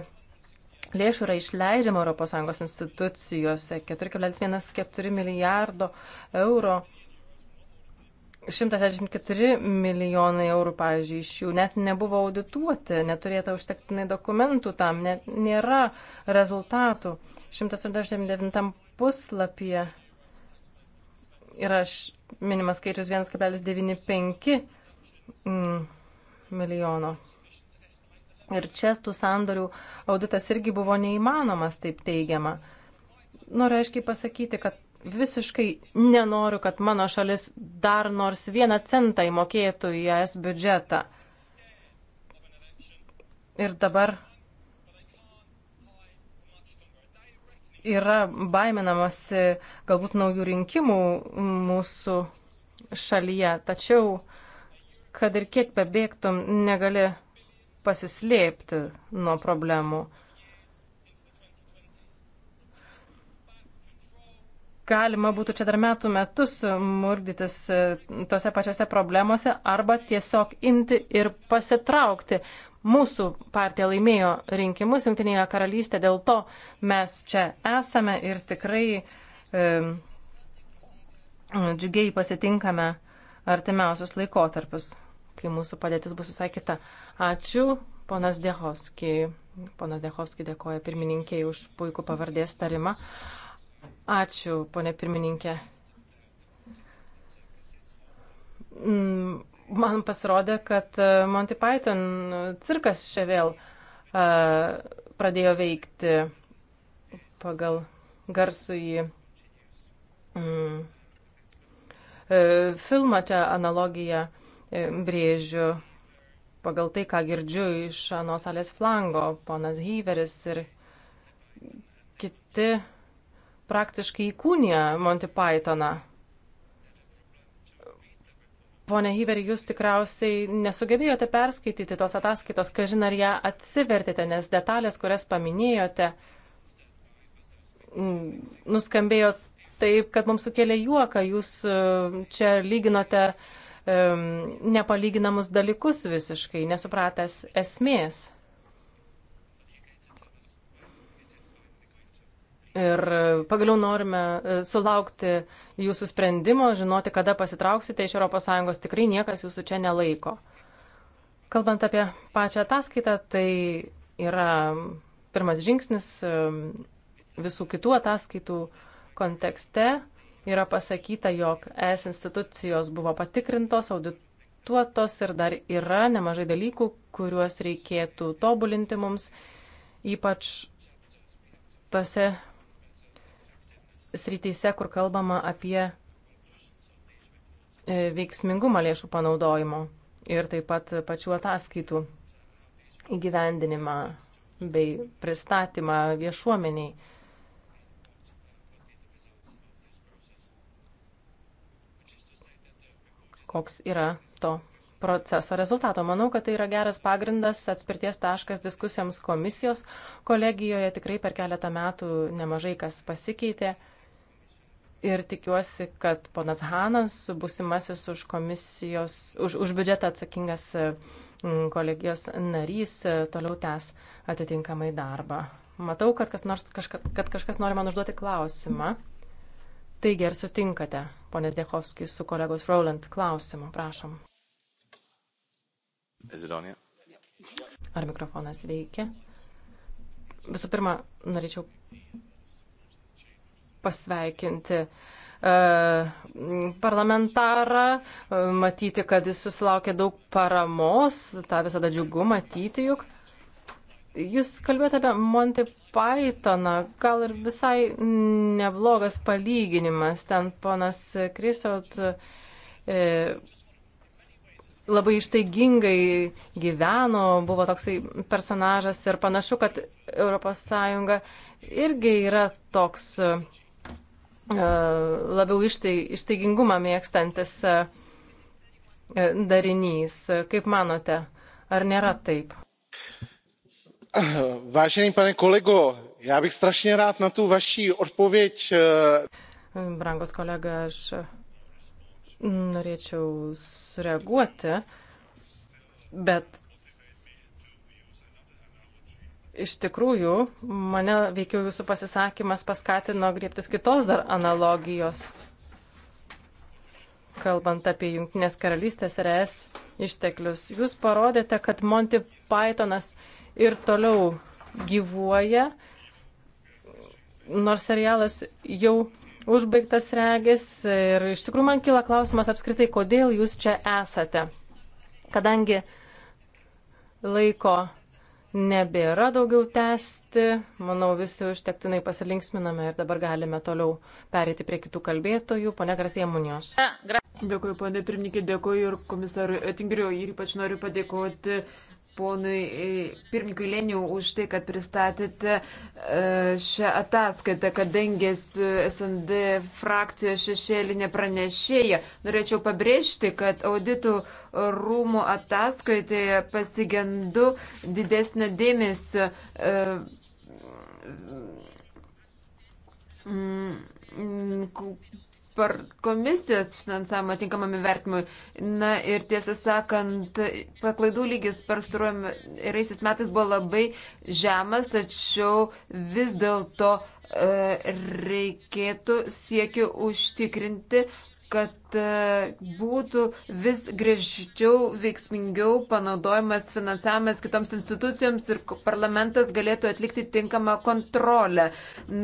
lėšų yra išleidžiama ES institucijose 4,14 milijardo eurų. 164 milijonai eurų, pavyzdžiui, iš jų net nebuvo audituoti, neturėta užtektinai dokumentų tam, net nėra rezultatų. 189 puslapyje yra minimas skaičius 1,95 mm, milijono Ir čia tų sandorių auditas irgi buvo neįmanomas, taip teigiama. Noriu aiškiai pasakyti, kad visiškai nenoriu, kad mano šalis dar nors vieną centą įmokėtų į ES biudžetą. Ir dabar yra baiminamasi galbūt naujų rinkimų mūsų šalyje. Tačiau, kad ir kiek bebėgtum, negali pasislėpti nuo problemų. galima būtų čia dar metų metus murgdytis e, tose pačiose problemose arba tiesiog imti ir pasitraukti. Mūsų partija laimėjo rinkimus Junktinėje karalystė, dėl to mes čia esame ir tikrai e, džiugiai pasitinkame artimiausius laikotarpius kai mūsų padėtis bus visai kita. Ačiū, ponas Dėhovski. Ponas Dėhovski dėkoja pirmininkiai už puikų pavardės tarimą. Ačiū, ponė pirmininkė. Mm, man pasirodė, kad e, Monty Python cirkas čia vėl e, pradėjo veikti pagal garsų į mm, e, filmą, čia analogiją uh, E, brėžiu pagal tai, ką girdžiu iš anos salės flango, ponas Hyveris ir kiti praktiškai įkūnė Monty Pythoną. Pone Hyveri, jūs tikriausiai nesugebėjote perskaityti tos ataskaitos, kažin ar ją atsivertėte, nes detalės, kurias paminėjote, nuskambėjo taip, kad mums sukėlė juoką. Jūs e, čia lyginote uh, nepalyginamus dalykus visiškai, nesupratęs esmės. Ir pagaliau norime e, sulaukti jūsų sprendimo, žinoti, kada pasitrauksite iš ES, tikrai niekas jūsų čia nelaiko. Kalbant apie pačią ataskaitą, tai yra pirmas žingsnis visų kitų ataskaitų kontekste yra pasakyta, jog es institucijos buvo patikrintos, audituotos ir dar yra nemažai dalykų, kuriuos reikėtų tobulinti mums, ypač tose srityse, kur kalbama apie e, veiksmingumą lėšų panaudojimo ir taip pat pačių ataskaitų įgyvendinimą bei pristatymą viešuomeniai. koks yra to proceso rezultato. Manau, kad tai yra geras pagrindas, atspirties taškas diskusijoms komisijos. Kolegijoje tikrai per keletą metų nemažai kas pasikeitė. Ir tikiuosi, kad ponas Hanas, busimasis už komisijos, už, už biudžetą atsakingas mm, kolegijos narys, toliau tęs atitinkamai darbą. Matau, kad, kas nors, kažka, kad kažkas nori man užduoti klausimą. Taigi, ar sutinkate ponės Dėchovskis su kolegos Rowland klausimu. Prašom. Ar mikrofonas veikia? Visų pirma, norėčiau pasveikinti uh, parlamentarą, e, matyti, kad jis susilaukė daug paramos, tą visada džiugu matyti juk. Jūs kalbėjote apie Monty Pythoną, gal ir visai neblogas palyginimas. Ten ponas Krisot e, labai ištaigingai gyveno, buvo toksai personažas ir panašu, kad ES irgi yra toks e, labiau ištai, ištaigingumą mėgstantis e, darinys. Kaip manote, ar nėra taip? Mm. [clears throat] Vážený pane kolego, já bych strašně rád na tu vaši odpověď. Eh, Brangos kolega, aš mm, norėčiau sureaguoti, bet iš tikrųjų mane veikiau jūsų pasisakymas paskatino griebtis kitos dar analogijos. Kalbant apie Junktinės karalystės ir ES išteklius, jūs parodėte, kad Monty Pythonas ir toliau gyvuoja, nors serialas jau užbaigtas regis ir iš tikrųjų man kyla klausimas apskritai, kodėl jūs čia esate. Kadangi laiko nebėra daugiau tęsti, manau visi užtektinai pasilinksminame ir dabar galime toliau perėti prie kitų kalbėtojų. Pone Gratė Munijos. Dėkuoju, ponė Pirmininkė, dėkuoju ir komisarui Etingriu ir ypač noriu padėkoti ponui e, pirmininkui Leniu už tai, kad pristatėte e, šią ataskaitą, kadangi esu SND frakcijos šešėlinė pranešėja. Norėčiau pabrėžti, kad auditų rūmų ataskaitoje pasigendu didesnio dėmesio. E, par komisijos finansavimo tinkamam įvertimui. Na ir tiesą sakant, paklaidų lygis pastaruojaisiais metais buvo labai žemas, tačiau vis dėlto e, reikėtų siekiu užtikrinti kad e, būtų vis griežčiau, veiksmingiau panaudojamas finansavimas kitoms institucijoms ir parlamentas galėtų atlikti tinkamą kontrolę.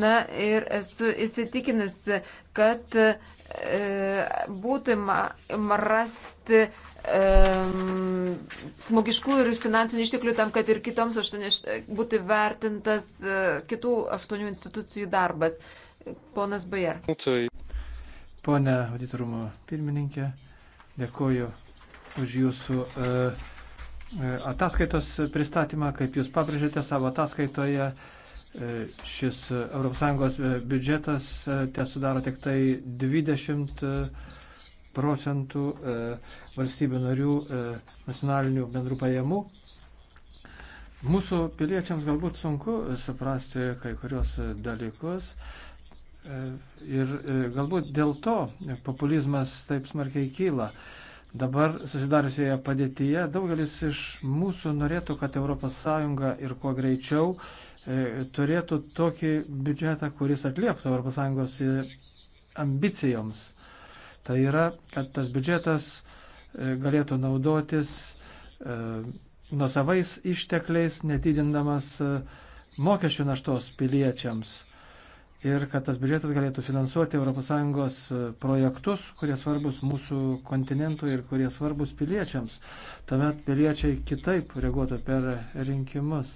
Na ir esu įsitikinusi, kad e, būtų įmanoma rasti e, smogiškų ir finansinių išteklių tam, kad ir kitoms aštuoni, būtų vertintas e, kitų aštuonių institucijų darbas. Ponas Bajer. Pone auditorumo pirmininkė, dėkoju už jūsų e, e, ataskaitos pristatymą. Kaip jūs pabrėžėte savo ataskaitoje, e, šis ES e, biudžetas e, te sudaro tik tai 20 procentų e, valstybių narių e, nacionalinių bendrų pajamų. Mūsų piliečiams galbūt sunku suprasti kai kurios dalykus. E, E, ir e, galbūt dėl to populizmas taip smarkiai kyla. Dabar susidariusioje padėtyje daugelis iš mūsų norėtų, kad ES ir kuo greičiau e, turėtų tokį biudžetą, kuris atlieptų ES ambicijoms. Tai yra, kad tas biudžetas galėtų naudotis nuo savais ištekliais, netidindamas mokesčių naštos piliečiams ir kad tas biudžetas galėtų finansuoti ES e, projektus, kurie svarbus mūsų kontinentui ir kurie svarbus piliečiams. Tuomet piliečiai kitaip reaguotų per rinkimus.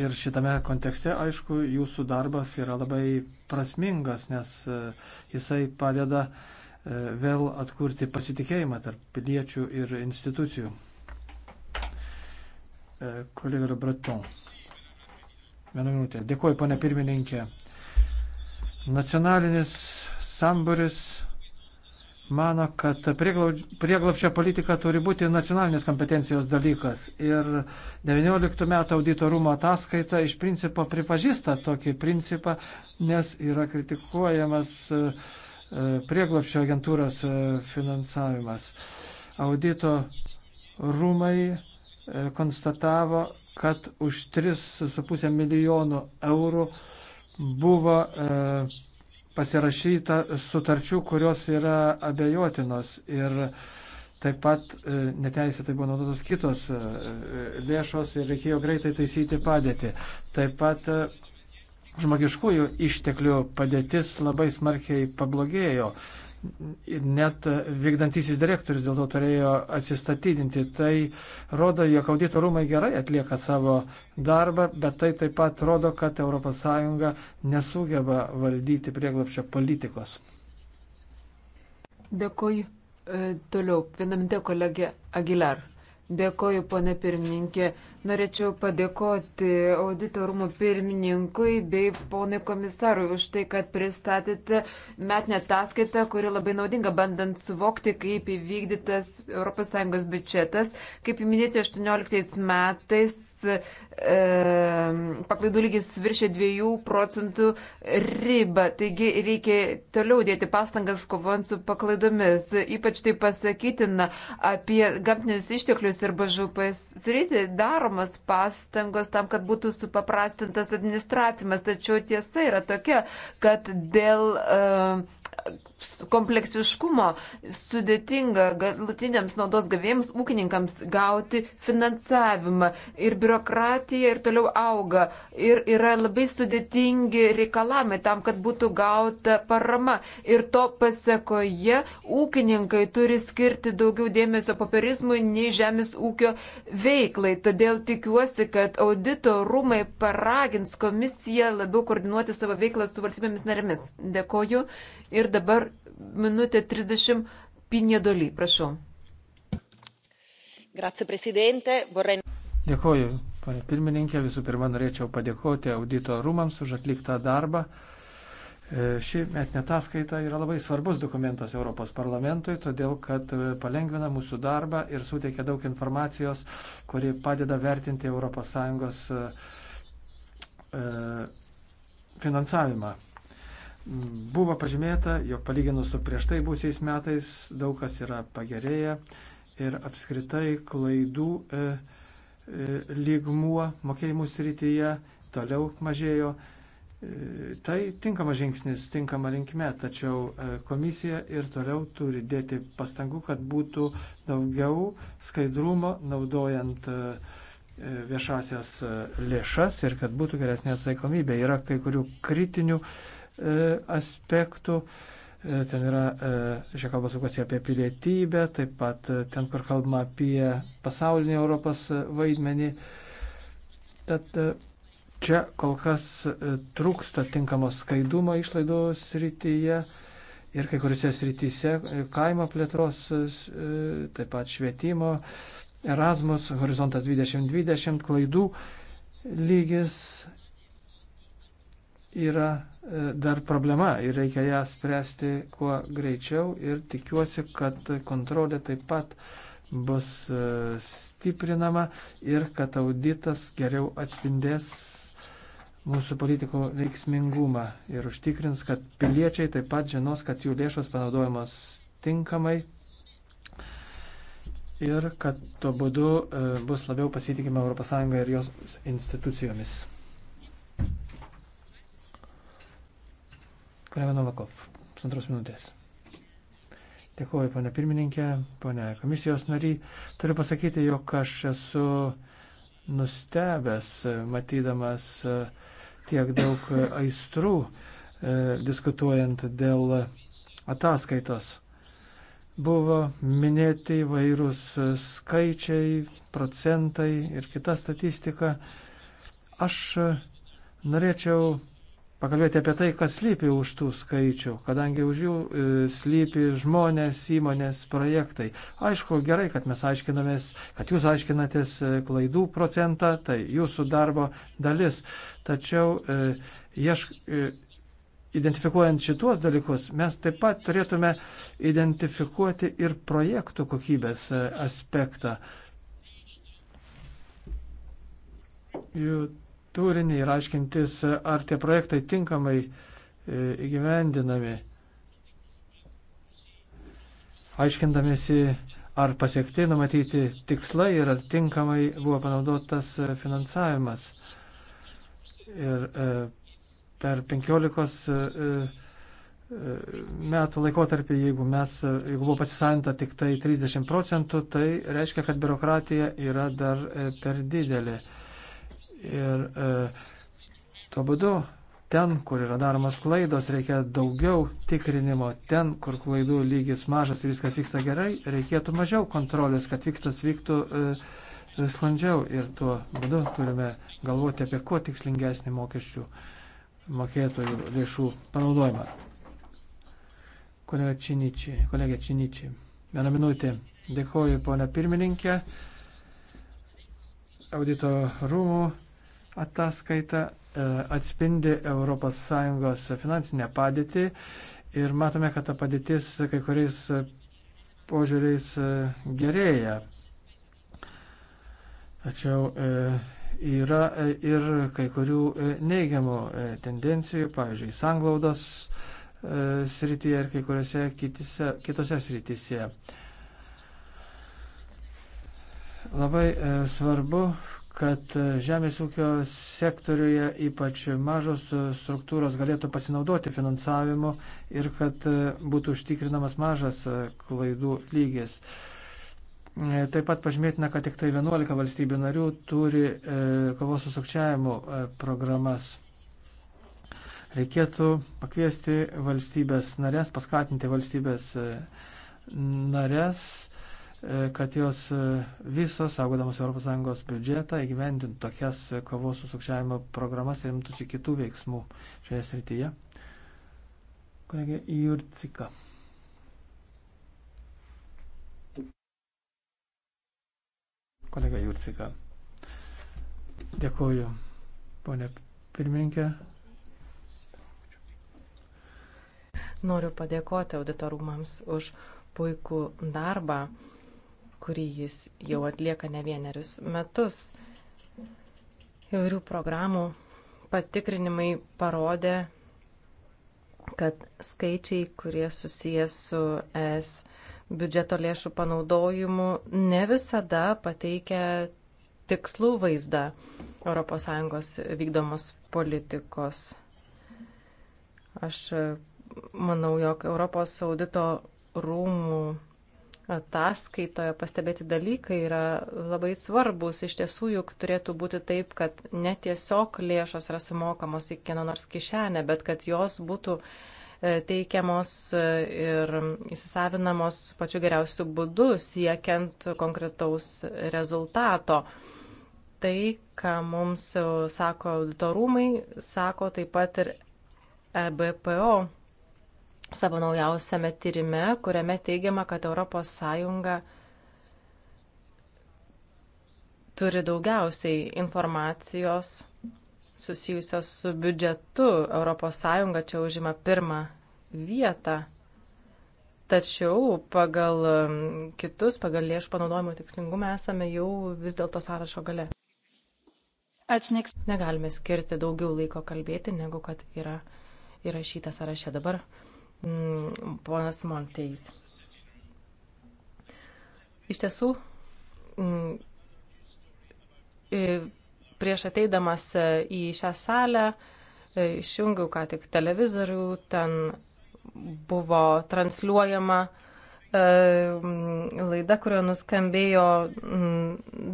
Ir šitame kontekste, aišku, jūsų darbas yra labai prasmingas, nes e, jisai padeda e, vėl atkurti pasitikėjimą tarp piliečių ir institucijų. Kolega Breton. Vieną minutę. Dėkuoju, ponė pirmininkė. Nacionalinis samburis mano, kad prieglapščio politika turi būti nacionalinės kompetencijos dalykas. Ir 19 metų auditorumo ataskaita iš principo pripažįsta tokį principą, nes yra kritikuojamas e, e, prieglapščio agentūros e, finansavimas. Audito rūmai konstatavo, kad už 3,5 milijono eurų buvo e, pasirašyta sutarčių, kurios yra abejotinos. Ir taip pat e, neteisėtai buvo naudotos kitos e, e lėšos ir reikėjo greitai taisyti padėtį. Taip pat e, žmogiškųjų išteklių padėtis labai smarkiai pablogėjo net vykdantysis direktorius dėl to turėjo atsistatydinti. Tai rodo, jog audito rūmai gerai atlieka savo darbą, bet tai taip pat rodo, kad ES nesugeba valdyti prieglapščio politikos. Dėkui. E, toliau, vienam dėkoju kolegė Aguilar. Dėkoju, ponė pirmininkė. Norėčiau padėkoti auditorumų pirmininkui bei ponui komisarui už tai, kad pristatėte metinę ataskaitą, kuri labai naudinga, bandant suvokti, kaip įvykdytas ES biudžetas. Kaip minėti, 18 metais e, paklaidų lygis viršė 2 procentų ribą. Taigi reikia toliau dėti pastangas kovant su paklaidomis. Ypač tai pasakytina apie gamtinius išteklius ir bažupas. Sritį darom daromos pastangos tam, kad būtų supaprastintas administracimas, tačiau tiesa yra tokia, kad dėl uh, kompleksiškumo sudėtinga galutiniams naudos gavėjams, ūkininkams gauti finansavimą. Ir biurokratija ir toliau auga. Ir yra labai sudėtingi reikalavimai tam, kad būtų gauta parama. Ir to pasiekoje ūkininkai turi skirti daugiau dėmesio papirizmui nei žemės ūkio veiklai. Todėl tikiuosi, kad audito rūmai paragins komisiją labiau koordinuoti savo veiklą su valstybėmis narėmis. Dėkoju. Ir Ir dabar minutė 30 Pinėdolį, prašau. Grazie, prezidente. Vorrei... Dėkoju, panė pirmininkė. Visų pirma, norėčiau padėkoti audito rūmams už atliktą darbą. E, ši metinė ataskaita yra labai svarbus dokumentas Europos parlamentui, todėl kad palengvina mūsų darbą ir suteikia daug informacijos, kuri padeda vertinti ES e, e, finansavimą. Buvo pažymėta, jog palyginus su prieš tai būsiais metais daug kas yra pagerėję ir apskritai klaidų e, e, lygmuo mokėjimų srityje toliau mažėjo. E, tai tinkamas žingsnis, tinkama linkme, tačiau e, komisija ir toliau turi dėti pastangų, kad būtų daugiau skaidrumo naudojant e, e viešasias e, lėšas ir kad būtų geresnė atsakomybė. Yra kai kurių kritinių e, E, aspektų. E, ten yra, e, čia kalba sukasi apie pilietybę, taip pat ten, kur kalbama apie pasaulinį Europos vaidmenį. Tad čia kol kas trūksta tinkamo skaidumo išlaidų srityje ir kai kuriuose srityse kaimo plėtros, taip pat švietimo, Erasmus, Horizontas 2020, klaidų lygis yra e, dar problema ir reikia ją spręsti kuo greičiau ir tikiuosi, kad kontrolė taip pat bus e, stiprinama ir kad auditas geriau atspindės mūsų politikų veiksmingumą ir užtikrins, kad piliečiai taip pat žinos, kad jų lėšos panaudojamos tinkamai ir kad tuo būdu e, bus labiau pasitikima ES ir jos institucijomis. Kolega Novakov, pusantros minutės. Dėkuoju, ponė pirmininkė, ponė komisijos nary. Turiu pasakyti, jog aš esu nustebęs, matydamas e, tiek daug aistrų, e, diskutuojant dėl ataskaitos. Buvo minėti įvairūs skaičiai, procentai ir kita statistika. Aš norėčiau pakalbėti apie tai, kas slypi už tų skaičių, kadangi už jų e, slypi žmonės, įmonės, projektai. Aišku, gerai, kad mes aiškinamės, kad jūs aiškinatės e, klaidų procentą, tai jūsų darbo dalis. Tačiau e, iešk, e, identifikuojant šitos dalykus, mes taip pat turėtume identifikuoti ir projektų kokybės e, aspektą. Jūt turinį ir aiškintis, ar tie projektai tinkamai e, įgyvendinami. Aiškindamėsi, ar pasiekti numatyti tikslai ir ar tinkamai buvo panaudotas e, finansavimas. Ir e, per 15 metų laikotarpį, jeigu, mes, jeigu buvo pasisavinta tik tai 30 procentų, tai reiškia, kad biurokratija yra dar per didelė. Ir e, tuo būdu ten, kur yra daromas klaidos, reikia daugiau tikrinimo. Ten, kur klaidų lygis mažas ir viskas vyksta gerai, reikėtų mažiau kontrolės, kad vykstas vyktų e, sklandžiau. Ir tuo būdu turime galvoti apie kuo tikslingesnį mokesčių mokėtojų lėšų panaudojimą. Kolega Činičiai, kolega Činičiai. Vieną minutę. Dėkoju, ponia pirmininkė. Audito rūmų ataskaita e, atspindi ES finansinę padėtį ir matome, kad ta padėtis kai kuriais požiūriais e, gerėja. Tačiau e, yra ir kai kurių neigiamų tendencijų, pavyzdžiui, sanglaudos srityje ir kai kuriuose kitise, kitose srityse. Labai svarbu, kad žemės ūkio sektoriuje ypač mažos struktūros galėtų pasinaudoti finansavimu ir kad būtų užtikrinamas mažas klaidų lygis. Taip pat pažymėtina, kad tik tai 11 valstybių narių turi e, kovos su sukčiavimu e, programas. Reikėtų pakviesti valstybės narės, paskatinti valstybės e, narės E, kad jos e, visos, saugodamos ES biudžetą, įgyvendintų tokias kovos su sukčiavimo programas ir imtųsi kitų veiksmų šioje srityje. Kolegė Jurcika. Kolega Jurcika. Dėkuoju, ponė pirmininkė. Noriu padėkoti auditorumams už puikų darbą kurį jis jau atlieka ne vienerius metus. Įvairių programų patikrinimai parodė, kad skaičiai, kurie susijęs su ES biudžeto lėšų panaudojimu, ne visada pateikia tikslų vaizdą ES vykdomos politikos. Aš manau, jog Europos audito rūmų ataskaitoje pastebėti dalykai yra labai svarbus. Iš tiesų juk turėtų būti taip, kad ne tiesiog lėšos yra sumokamos į kieno nors kišenę, bet kad jos būtų e, teikiamos e, ir įsisavinamos pačiu geriausiu būdu, siekiant konkretaus rezultato. Tai, ką mums e, sako auditorumai, sako taip pat ir EBPO savo naujausiame tyrime, kuriame teigiama, kad ES turi daugiausiai informacijos susijusios su biudžetu. ES čia užima pirmą vietą. Tačiau pagal um, kitus, pagal lėšų panaudojimo tikslingumą esame jau vis dėlto sąrašo gale. Atsniks. Negalime skirti daugiau laiko kalbėti, negu kad yra įrašyta sąraše dabar. Mm, ponas Monteit. Iš tiesų, mm, prieš ateidamas e, į šią salę e, išjungiau ką tik televizorių, ten buvo transliuojama e, mm, laida, kurioje nuskambėjo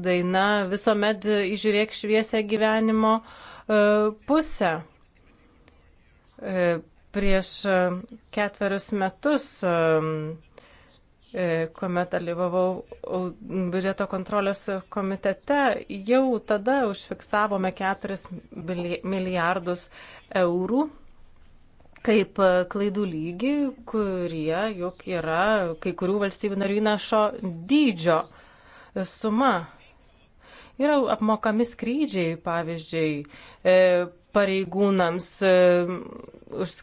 daina visuomet įžiūrėk šviesę gyvenimo pusę Prieš e, ketverius metus, e, e, kuomet dalyvavau biudžeto kontrolės komitete, jau tada užfiksavome 4 milijardus eurų kaip klaidų lygį, kurie juk yra kai kurių valstybių narių įnašo dydžio suma. Yra apmokami skrydžiai, pavyzdžiui, pareigūnams už